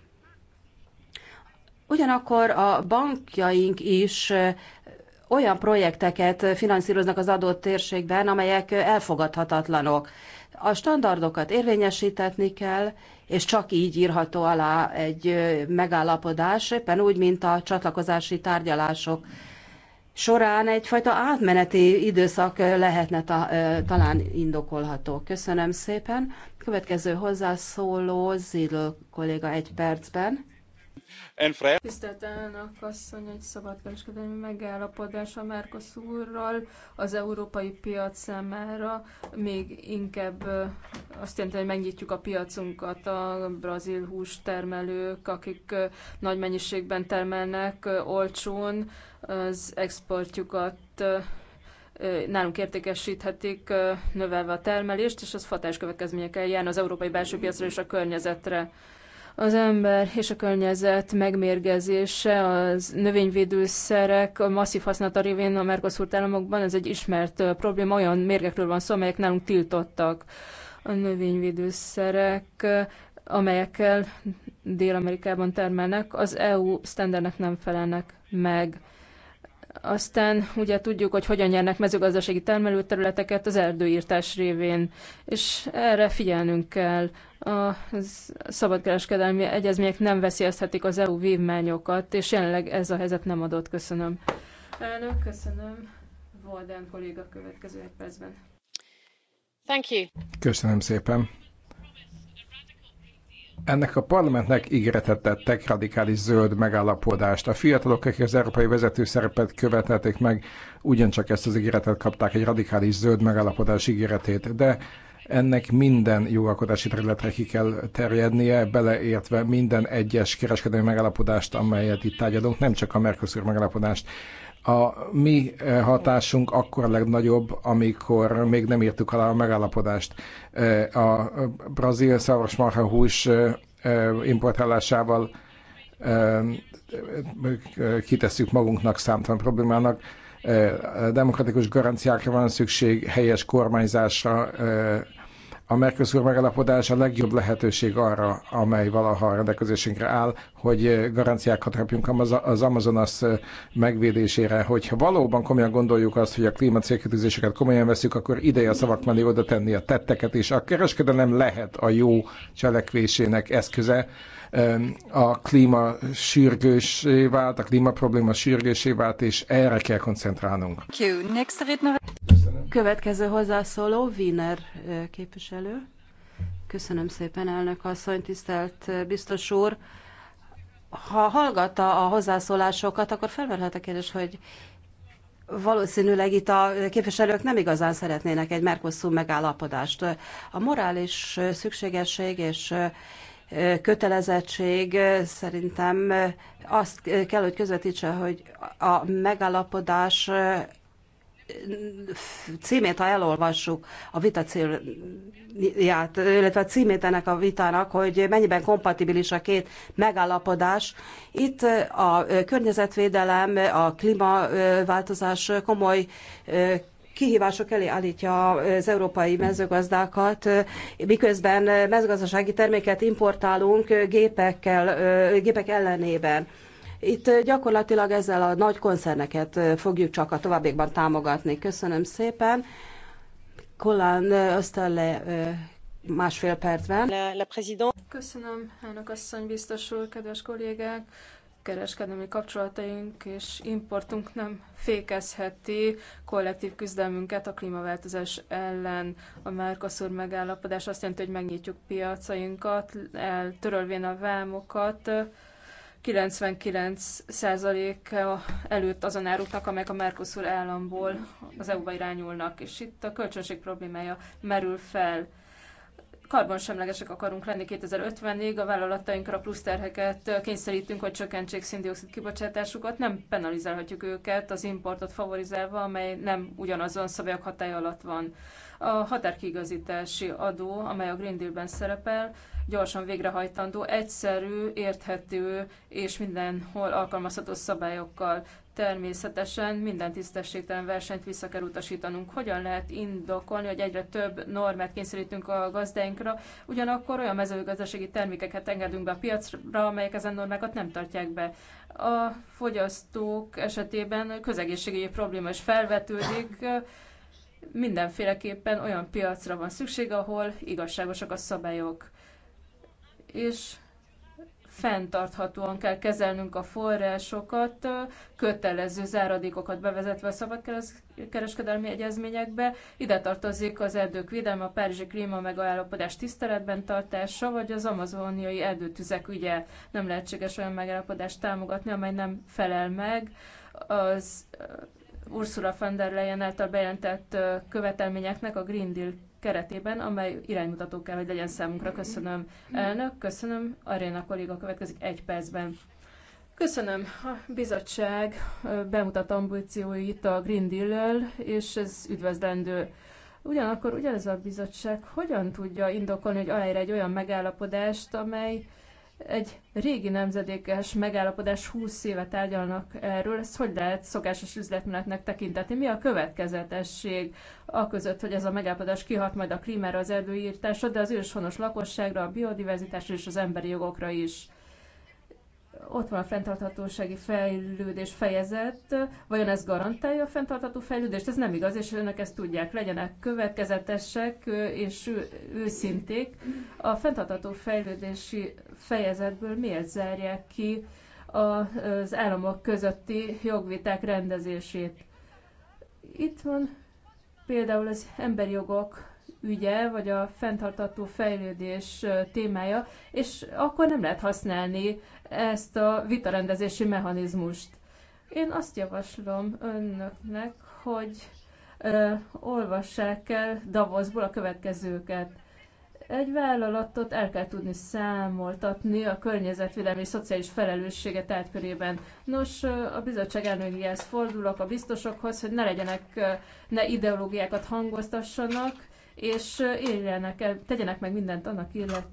Ugyanakkor a bankjaink is olyan projekteket finanszíroznak az adott térségben, amelyek elfogadhatatlanok. A standardokat érvényesítetni kell, és csak így írható alá egy megállapodás, éppen úgy, mint a csatlakozási tárgyalások során egyfajta átmeneti időszak lehetne ta, talán indokolható. Köszönöm szépen. Következő hozzászóló Zidl kolléga egy percben. Tisztelt elnök asszony, egy szabadkereskedelmi megállapodás a Mercosurral az európai piac számára még inkább azt jelenti, hogy megnyitjuk a piacunkat a brazil hús termelők, akik nagy mennyiségben termelnek olcsón az exportjukat nálunk értékesíthetik, növelve a termelést, és az fatás következményekkel jár az európai belső piacra és a környezetre az ember és a környezet megmérgezése, az növényvédőszerek a masszív használata révén a Mercosur államokban, ez egy ismert probléma, olyan mérgekről van szó, amelyek nálunk tiltottak. A növényvédőszerek, amelyekkel Dél-Amerikában termelnek, az EU sztendernek nem felelnek meg. Aztán ugye tudjuk, hogy hogyan nyernek mezőgazdasági termelőterületeket az erdőírtás révén, és erre figyelnünk kell. A szabadkereskedelmi egyezmények nem veszélyezhetik az EU vívmányokat, és jelenleg ez a helyzet nem adott. Köszönöm. Elnök, köszönöm. Volden kolléga következő egy percben. Thank you. Köszönöm szépen. Ennek a parlamentnek ígéretet tettek radikális zöld megállapodást. A fiatalok, akik az európai vezető szerepet követelték meg, ugyancsak ezt az ígéretet kapták, egy radikális zöld megállapodás ígéretét. De ennek minden jogalkotási területre ki kell terjednie, beleértve minden egyes kereskedelmi megállapodást, amelyet itt tárgyalunk, nem csak a Mercosur megállapodást. A mi eh, hatásunk akkor a legnagyobb, amikor még nem írtuk alá a megállapodást. Eh, a brazil szarvas marhahús eh, importálásával kitesszük magunknak számtalan problémának. Demokratikus garanciákra van szükség, helyes kormányzásra, a Mercosur megalapodás a legjobb lehetőség arra, amely valaha a rendelkezésünkre áll, hogy garanciákat kapjunk az Amazonas megvédésére. Hogyha valóban komolyan gondoljuk azt, hogy a klímacélkötőzéseket komolyan veszük, akkor ideje a szavak mellé oda tenni a tetteket, és a kereskedelem lehet a jó cselekvésének eszköze, a klíma sürgősé vált, a klíma probléma sürgősé vált, és erre kell koncentrálnunk. Következő hozzászóló, Wiener képviselő. Köszönöm szépen, elnök asszony, tisztelt biztos úr. Ha hallgatta a hozzászólásokat, akkor felmerhet a kérdés, hogy valószínűleg itt a képviselők nem igazán szeretnének egy Mercosur megállapodást. A morális szükségesség és kötelezettség szerintem azt kell, hogy közvetítse, hogy a megállapodás címét, ha elolvassuk a vita célját, illetve a címét ennek a vitának, hogy mennyiben kompatibilis a két megállapodás. Itt a környezetvédelem, a klímaváltozás komoly kihívások elé állítja az európai mezőgazdákat, miközben mezőgazdasági terméket importálunk gépekkel, gépek ellenében. Itt gyakorlatilag ezzel a nagy koncerneket fogjuk csak a továbbiakban támogatni. Köszönöm szépen. Kollán Öszterle másfél percben. Köszönöm, elnök asszony, biztos úr, kedves kollégák! kereskedelmi kapcsolataink és importunk nem fékezheti kollektív küzdelmünket a klímaváltozás ellen. A Mercosur megállapodás azt jelenti, hogy megnyitjuk piacainkat, eltörölvén a vámokat, 99%-a előtt azon áruknak, amelyek a Mercosur államból az EU-ba irányulnak, és itt a kölcsönség problémája merül fel karbonsemlegesek akarunk lenni 2050-ig, a vállalatainkra plusz terheket kényszerítünk, hogy csökkentsék szindioxid kibocsátásukat, nem penalizálhatjuk őket az importot favorizálva, amely nem ugyanazon szabályok hatája alatt van. A határkigazítási adó, amely a Green Deal-ben szerepel, gyorsan végrehajtandó, egyszerű, érthető és mindenhol alkalmazható szabályokkal. Természetesen minden tisztességtelen versenyt vissza kell utasítanunk. Hogyan lehet indokolni, hogy egyre több normát kényszerítünk a gazdáinkra, ugyanakkor olyan mezőgazdasági termékeket engedünk be a piacra, amelyek ezen normákat nem tartják be. A fogyasztók esetében közegészségügyi probléma is felvetődik, mindenféleképpen olyan piacra van szükség, ahol igazságosak a szabályok. És fenntarthatóan kell kezelnünk a forrásokat, kötelező záradékokat bevezetve a szabadkereskedelmi egyezményekbe. Ide tartozik az erdők védelme, a Párizsi Klíma megállapodás tiszteletben tartása, vagy az amazoniai erdőtüzek ügye. Nem lehetséges olyan megállapodást támogatni, amely nem felel meg az Ursula von der Leyen által bejelentett követelményeknek a Green Deal keretében, amely iránymutató kell, hogy legyen számunkra. Köszönöm, elnök, köszönöm, Aréna kolléga következik egy percben. Köszönöm. A bizottság bemutat ambícióit a Green deal és ez üdvözlendő. Ugyanakkor ugyanez a bizottság hogyan tudja indokolni, hogy aláír egy olyan megállapodást, amely egy régi nemzedékes megállapodás 20 éve tárgyalnak erről, ezt hogy lehet szokásos üzletmenetnek tekinteni? Mi a következetesség a között, hogy ez a megállapodás kihat majd a klímára, az erdőírtásra, de az őshonos lakosságra, a biodiverzitásra és az emberi jogokra is? ott van a fenntarthatósági fejlődés fejezet, vajon ez garantálja a fenntartható fejlődést? Ez nem igaz, és önök ezt tudják, legyenek következetesek és őszinték. A fenntartható fejlődési fejezetből miért zárják ki az államok közötti jogviták rendezését? Itt van például az emberi jogok ügye, vagy a fenntartató fejlődés témája, és akkor nem lehet használni ezt a vitarendezési mechanizmust. Én azt javaslom önöknek, hogy ö, olvassák el Davosból a következőket. Egy vállalatot el kell tudni számoltatni a környezetvédelmi szociális felelőssége tárgykörében. Nos, a bizottság elnökéhez fordulok a biztosokhoz, hogy ne legyenek, ne ideológiákat hangoztassanak, és éljenek el, tegyenek meg mindent annak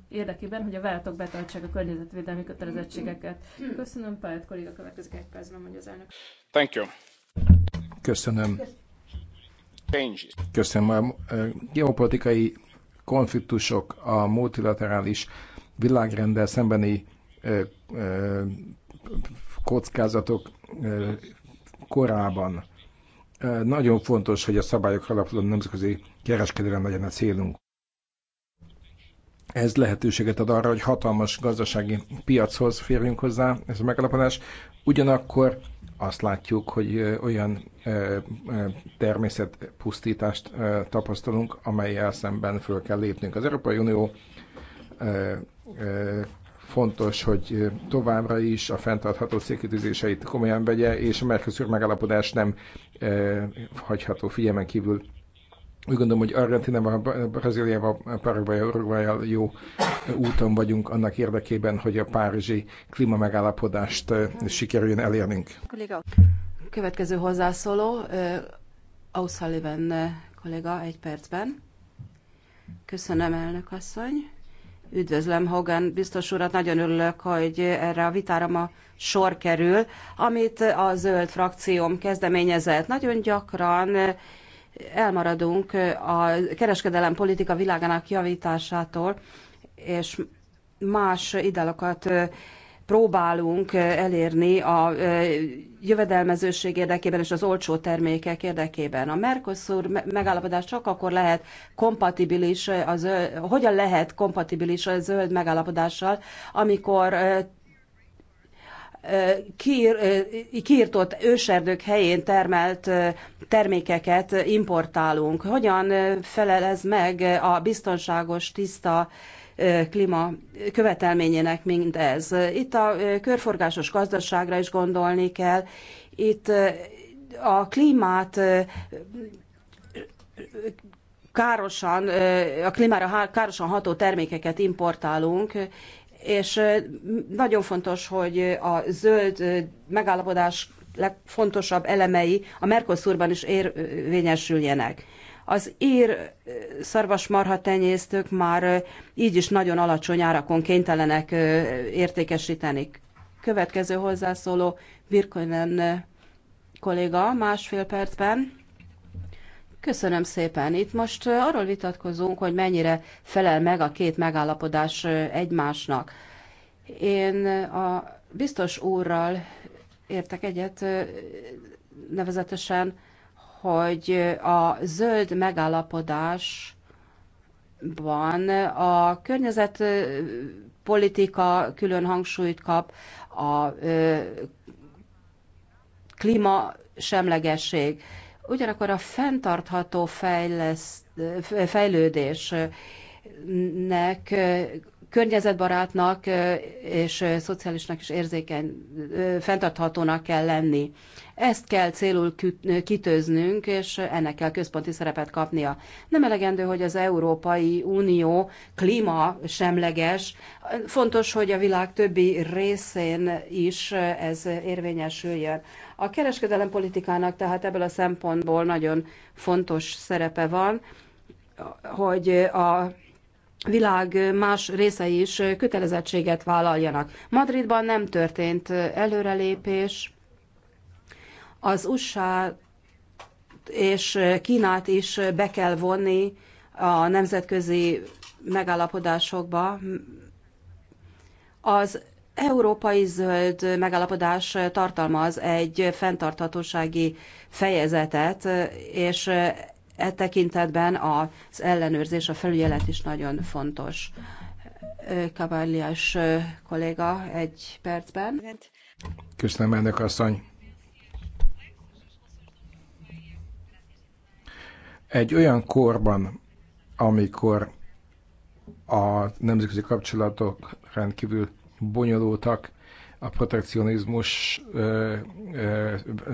érdekében, hogy a vállalatok betartsák a környezetvédelmi kötelezettségeket. Köszönöm, Pályát kolléga következik egy percben, mondja az elnök. Thank you. Köszönöm. Köszönöm. A geopolitikai konfliktusok, a multilaterális világrendel szembeni kockázatok korában nagyon fontos, hogy a szabályok alapuló nemzetközi kereskedelem legyen a célunk. Ez lehetőséget ad arra, hogy hatalmas gazdasági piachoz férjünk hozzá, ez a megalapodás. Ugyanakkor azt látjuk, hogy olyan természetpusztítást tapasztalunk, amelyel szemben föl kell lépnünk. Az Európai Unió Fontos, hogy továbbra is a fenntartható székítőzéseit komolyan vegye, és a Mercosur megállapodás nem e, hagyható figyelmen kívül. Úgy gondolom, hogy Argentinával, Brazíliával, Paraguay, Uruguayjal jó úton vagyunk annak érdekében, hogy a párizsi klímamegállapodást sikerüljön elérnünk. Következő hozzászóló, O'Sullivan kolléga egy percben. Köszönöm, elnök asszony. Üdvözlöm Hogan biztos urat, nagyon örülök, hogy erre a vitára ma sor kerül, amit a zöld frakcióm kezdeményezett. Nagyon gyakran elmaradunk a kereskedelem politika világának javításától, és más idealokat próbálunk elérni a jövedelmezőség érdekében és az olcsó termékek érdekében. A Mercosur megállapodás csak akkor lehet kompatibilis, az, hogyan lehet kompatibilis a zöld megállapodással, amikor kiirtott őserdők helyén termelt termékeket importálunk. Hogyan felel ez meg a biztonságos, tiszta klíma követelményének mind ez. Itt a körforgásos gazdaságra is gondolni kell. Itt a klímát károsan, a klímára károsan ható termékeket importálunk, és nagyon fontos, hogy a zöld megállapodás legfontosabb elemei a Mercosurban is érvényesüljenek. Az ír szarvasmarha tenyésztők már így is nagyon alacsony árakon kénytelenek értékesíteni. Következő hozzászóló Virkonen kolléga másfél percben. Köszönöm szépen. Itt most arról vitatkozunk, hogy mennyire felel meg a két megállapodás egymásnak. Én a biztos úrral értek egyet, nevezetesen hogy a zöld megállapodásban a környezetpolitika külön hangsúlyt kap, a klíma semlegesség, ugyanakkor a fenntartható fejlesz, fejlődésnek környezetbarátnak és szociálisnak is érzékeny, fenntarthatónak kell lenni. Ezt kell célul kitőznünk, és ennek kell központi szerepet kapnia. Nem elegendő, hogy az Európai Unió klíma semleges. Fontos, hogy a világ többi részén is ez érvényesüljön. A kereskedelem politikának tehát ebből a szempontból nagyon fontos szerepe van, hogy a világ más részei is kötelezettséget vállaljanak. Madridban nem történt előrelépés, az USA és Kínát is be kell vonni a nemzetközi megállapodásokba. Az európai zöld megállapodás tartalmaz egy fenntarthatósági fejezetet, és e tekintetben az ellenőrzés, a felügyelet is nagyon fontos. Kavalliás kolléga egy percben. Köszönöm, elnök asszony. Egy olyan korban, amikor a nemzetközi kapcsolatok rendkívül bonyolultak, a protekcionizmus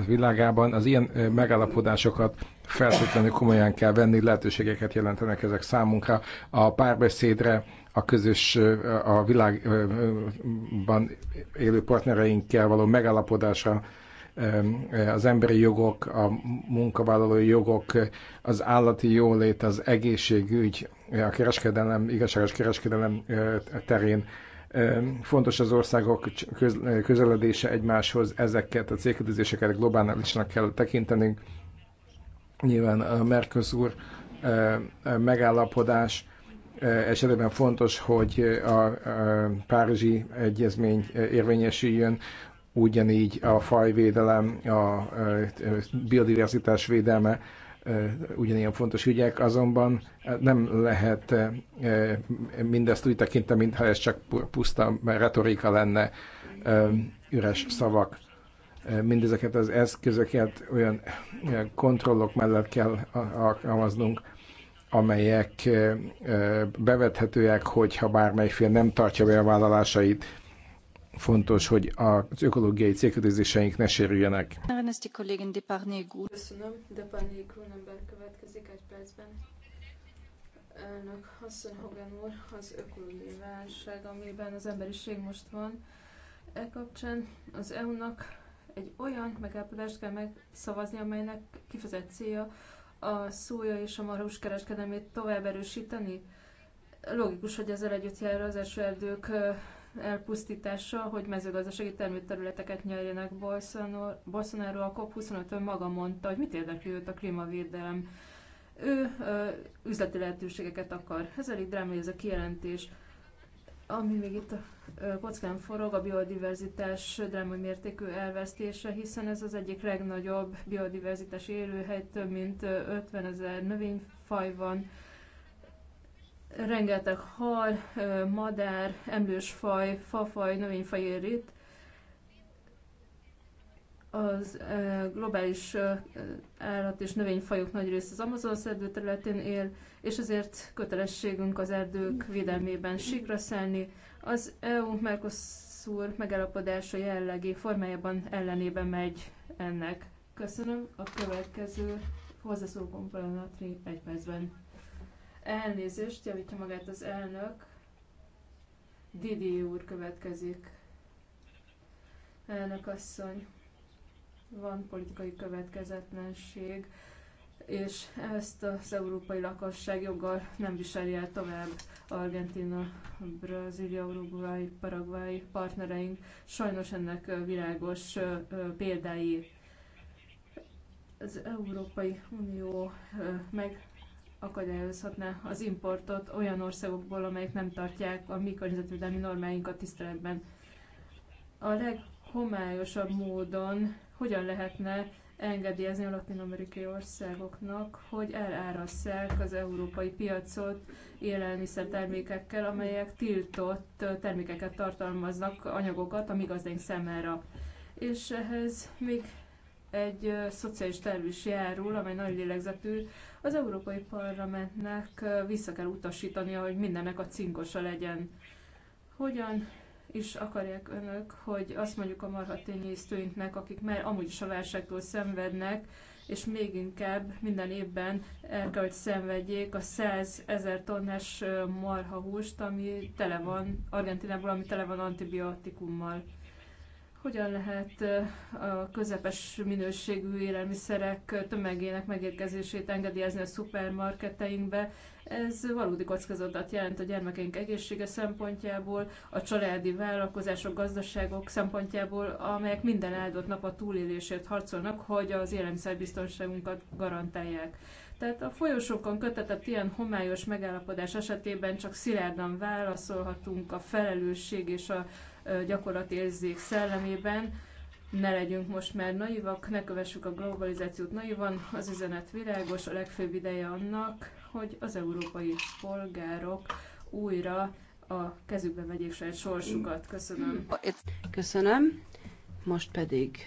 világában az ilyen megállapodásokat feltétlenül komolyan kell venni, lehetőségeket jelentenek ezek számunkra a párbeszédre, a közös, a világban élő partnereinkkel való megállapodásra, az emberi jogok, a munkavállalói jogok, az állati jólét, az egészségügy, a kereskedelem, igazságos kereskedelem terén Fontos az országok közeledése egymáshoz, ezeket a célkötözéseket globálisnak kell tekintenünk. Nyilván a Mercosur megállapodás esetében fontos, hogy a Párizsi Egyezmény érvényesüljön, ugyanígy a fajvédelem, a biodiverzitás védelme ugyanilyen fontos ügyek, azonban nem lehet mindezt úgy tekinteni, mintha ez csak puszta retorika lenne, üres szavak. Mindezeket az eszközöket olyan kontrollok mellett kell alkalmaznunk, amelyek bevethetőek, hogyha bármely fél nem tartja be a vállalásait fontos, hogy az ökológiai célkötőzéseink ne sérüljenek. Köszönöm, Deparné Grunenberg következik egy percben. Önök Hasson Hogan úr, az ökológiai válság, amiben az emberiség most van, e kapcsán az EU-nak egy olyan megállapodást kell megszavazni, amelynek kifejezett célja a szója és a marhús kereskedelmét tovább erősíteni. Logikus, hogy ezzel együtt jár az első erdők elpusztítása, hogy mezőgazdasági termőterületeket nyerjenek Bolsonaro, a cop 25 maga mondta, hogy mit érdekli őt a klímavédelem. Ő ö, üzleti lehetőségeket akar. Ez elég drámai ez a kijelentés. Ami még itt a kockán forog, a biodiverzitás drámai mértékű elvesztése, hiszen ez az egyik legnagyobb biodiverzitás élőhely, több mint 50 ezer növényfaj van, rengeteg hal, madár, emlősfaj, fafaj, növényfaj ér itt. Az globális állat és növényfajok nagy része az Amazonas erdő területén él, és ezért kötelességünk az erdők védelmében síkra szállni. Az EU-Mercosur megállapodása jellegi formájában ellenében megy ennek. Köszönöm. A következő hozzászóló komponenatri egy percben. Elnézést, javítja magát az elnök. Didi úr következik. Elnök asszony, van politikai következetlenség, és ezt az európai lakosság joggal nem viseli el tovább Argentina, Brazília, Uruguay, Paraguay partnereink. Sajnos ennek világos példái. Az Európai Unió meg akadályozhatná az importot olyan országokból, amelyek nem tartják a mi környezetvédelmi normáinkat tiszteletben. A leghomályosabb módon hogyan lehetne engedélyezni a latin-amerikai országoknak, hogy elárasszák az európai piacot élelmiszertermékekkel, amelyek tiltott termékeket tartalmaznak, anyagokat a mi gazdaink számára. És ehhez még egy szociális tervis járul, amely nagy lélegzetű. Az Európai Parlamentnek vissza kell utasítania, hogy mindennek a cinkosa legyen. Hogyan is akarják önök, hogy azt mondjuk a marhatényésztőinknek, akik már amúgy is a válságtól szenvednek, és még inkább minden évben el kell, hogy szenvedjék a 100 ezer tonnás marhahúst, ami tele van, Argentinából, ami tele van antibiotikummal. Hogyan lehet a közepes minőségű élelmiszerek tömegének megérkezését engedélyezni a szupermarketeinkbe? Ez valódi kockázatot jelent a gyermekeink egészsége szempontjából, a családi vállalkozások, gazdaságok szempontjából, amelyek minden áldott nap a túlélésért harcolnak, hogy az élelmiszerbiztonságunkat garantálják. Tehát a folyosókon kötetett ilyen homályos megállapodás esetében csak szilárdan válaszolhatunk a felelősség és a gyakorlatérzék szellemében ne legyünk most már naivak, ne kövessük a globalizációt naivan, az üzenet világos, a legfőbb ideje annak, hogy az európai polgárok újra a kezükbe vegyék saját sorsukat. Köszönöm. Köszönöm. Most pedig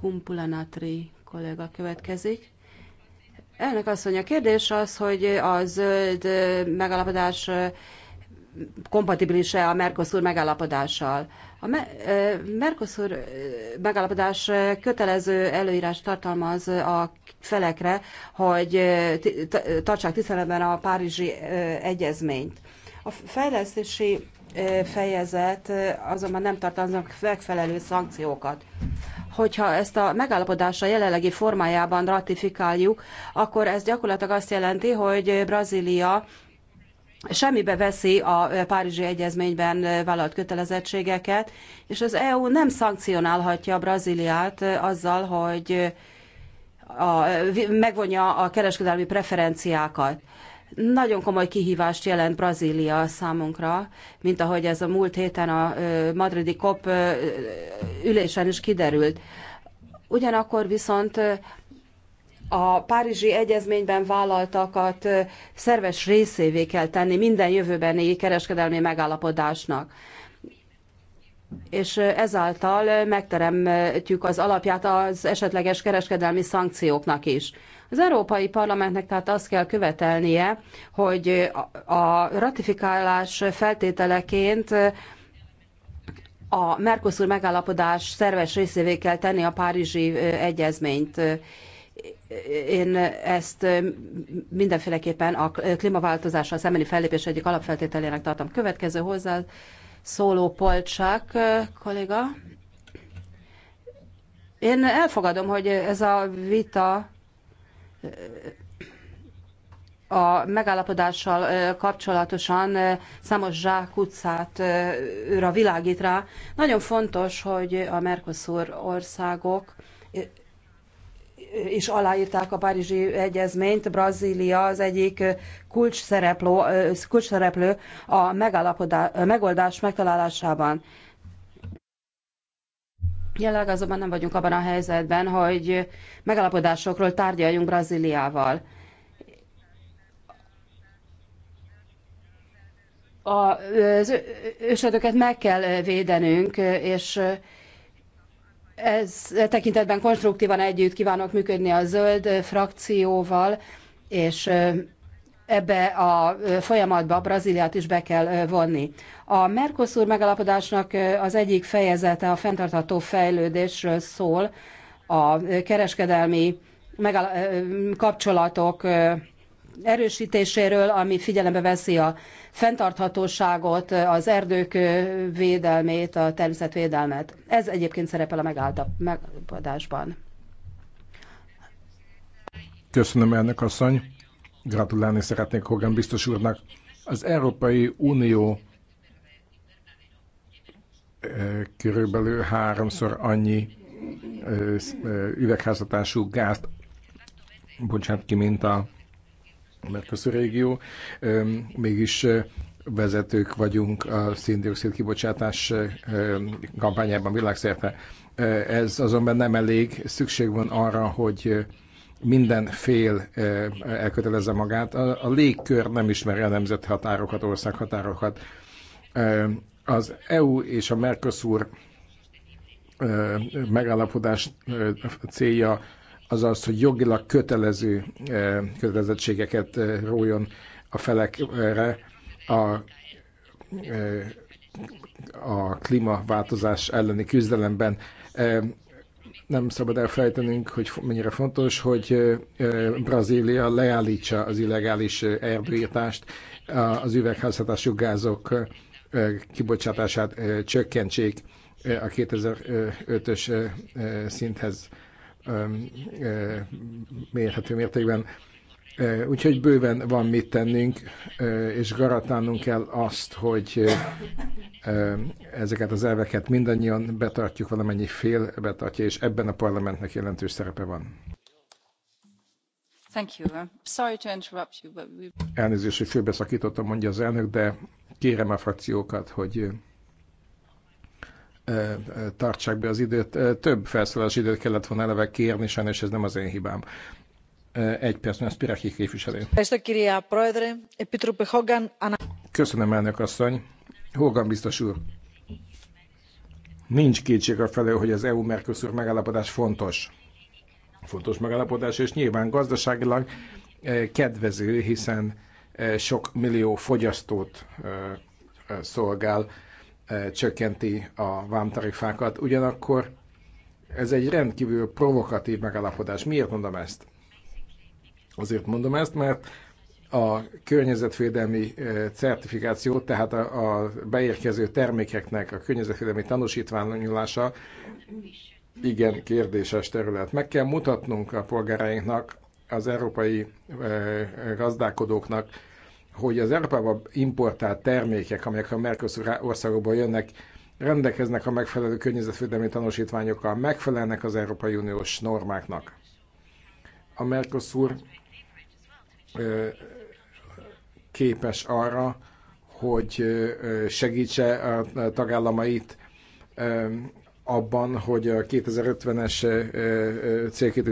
Kumpulanatri kollega következik. Elnök asszony, a kérdés az, hogy a zöld megalapodás kompatibilis-e a Mercosur megállapodással. A Mercosur megállapodás kötelező előírás tartalmaz a felekre, hogy tartsák tiszteletben a Párizsi egyezményt. A fejlesztési fejezet azonban nem tartalmaznak megfelelő szankciókat. Hogyha ezt a megállapodásra jelenlegi formájában ratifikáljuk, akkor ez gyakorlatilag azt jelenti, hogy Brazília semmibe veszi a Párizsi Egyezményben vállalt kötelezettségeket, és az EU nem szankcionálhatja Brazíliát azzal, hogy a, megvonja a kereskedelmi preferenciákat. Nagyon komoly kihívást jelent Brazília számunkra, mint ahogy ez a múlt héten a madridi COP ülésen is kiderült. Ugyanakkor viszont a Párizsi Egyezményben vállaltakat szerves részévé kell tenni minden jövőbeni kereskedelmi megállapodásnak. És ezáltal megteremtjük az alapját az esetleges kereskedelmi szankcióknak is. Az Európai Parlamentnek tehát azt kell követelnie, hogy a ratifikálás feltételeként a Mercosur megállapodás szerves részévé kell tenni a Párizsi Egyezményt én ezt mindenféleképpen a klímaváltozással szembeni fellépés egyik alapfeltételének tartom. Következő hozzá szóló Polcsák kolléga. Én elfogadom, hogy ez a vita a megállapodással kapcsolatosan számos zsákutcát világít rá. Nagyon fontos, hogy a Mercosur országok és aláírták a Párizsi Egyezményt. Brazília az egyik kulcs szereplő, a megoldás megtalálásában. Jelenleg azonban nem vagyunk abban a helyzetben, hogy megalapodásokról tárgyaljunk Brazíliával. A, az ősödöket meg kell védenünk, és ez tekintetben konstruktívan együtt kívánok működni a zöld frakcióval, és ebbe a folyamatba a Brazíliát is be kell vonni. A Mercosur megalapodásnak az egyik fejezete a fenntartható fejlődésről szól, a kereskedelmi kapcsolatok erősítéséről, ami figyelembe veszi a fenntarthatóságot, az erdők védelmét, a természetvédelmet. Ez egyébként szerepel a megállapodásban. Köszönöm, elnök asszony. Gratulálni szeretnék Hogan biztos úrnak. Az Európai Unió körülbelül háromszor annyi üvegházatású gázt bocsát ki, mint a Mercosur régió, mégis vezetők vagyunk a széndiokszid kibocsátás kampányában világszerte. Ez azonban nem elég, szükség van arra, hogy minden fél elkötelezze magát. A, légkör nem ismeri a határokat, országhatárokat. Az EU és a Mercosur megállapodás célja azaz, hogy jogilag kötelező eh, kötelezettségeket eh, rójon a felekre a, eh, a klímaváltozás elleni küzdelemben. Nem szabad elfelejtenünk, hogy mennyire fontos, hogy Brazília leállítsa az illegális erdőírtást, az üvegházhatású gázok kibocsátását csökkentsék a 2005-ös szinthez mérhető mértékben. Úgyhogy bőven van mit tennünk, és garantálnunk kell azt, hogy ezeket az elveket mindannyian betartjuk, valamennyi fél betartja, és ebben a parlamentnek jelentős szerepe van. Thank you. sorry to interrupt you, but we... Elnézést, hogy félbeszakítottam, mondja az elnök, de kérem a frakciókat, hogy tartsák be az időt. Több felszólalás időt kellett volna eleve kérni, sajnos ez nem az én hibám. Egy perc, mert Spiraki képviselő. Köszönöm, elnök asszony. Hogan biztos úr. Nincs kétség a felől, hogy az EU-Mercosur megállapodás fontos. Fontos megállapodás, és nyilván gazdaságilag kedvező, hiszen sok millió fogyasztót szolgál csökkenti a vámtarifákat. Ugyanakkor ez egy rendkívül provokatív megállapodás. Miért mondom ezt? Azért mondom ezt, mert a környezetvédelmi certifikáció, tehát a, a beérkező termékeknek a környezetvédelmi tanúsítványolása igen kérdéses terület. Meg kell mutatnunk a polgárainknak, az európai gazdálkodóknak, hogy az Európában importált termékek, amelyek a Mercosur országokból jönnek, rendelkeznek a megfelelő környezetvédelmi tanúsítványokkal, megfelelnek az Európai Uniós normáknak. A Mercosur képes arra, hogy segítse a tagállamait abban, hogy a 2050-es célkitűzés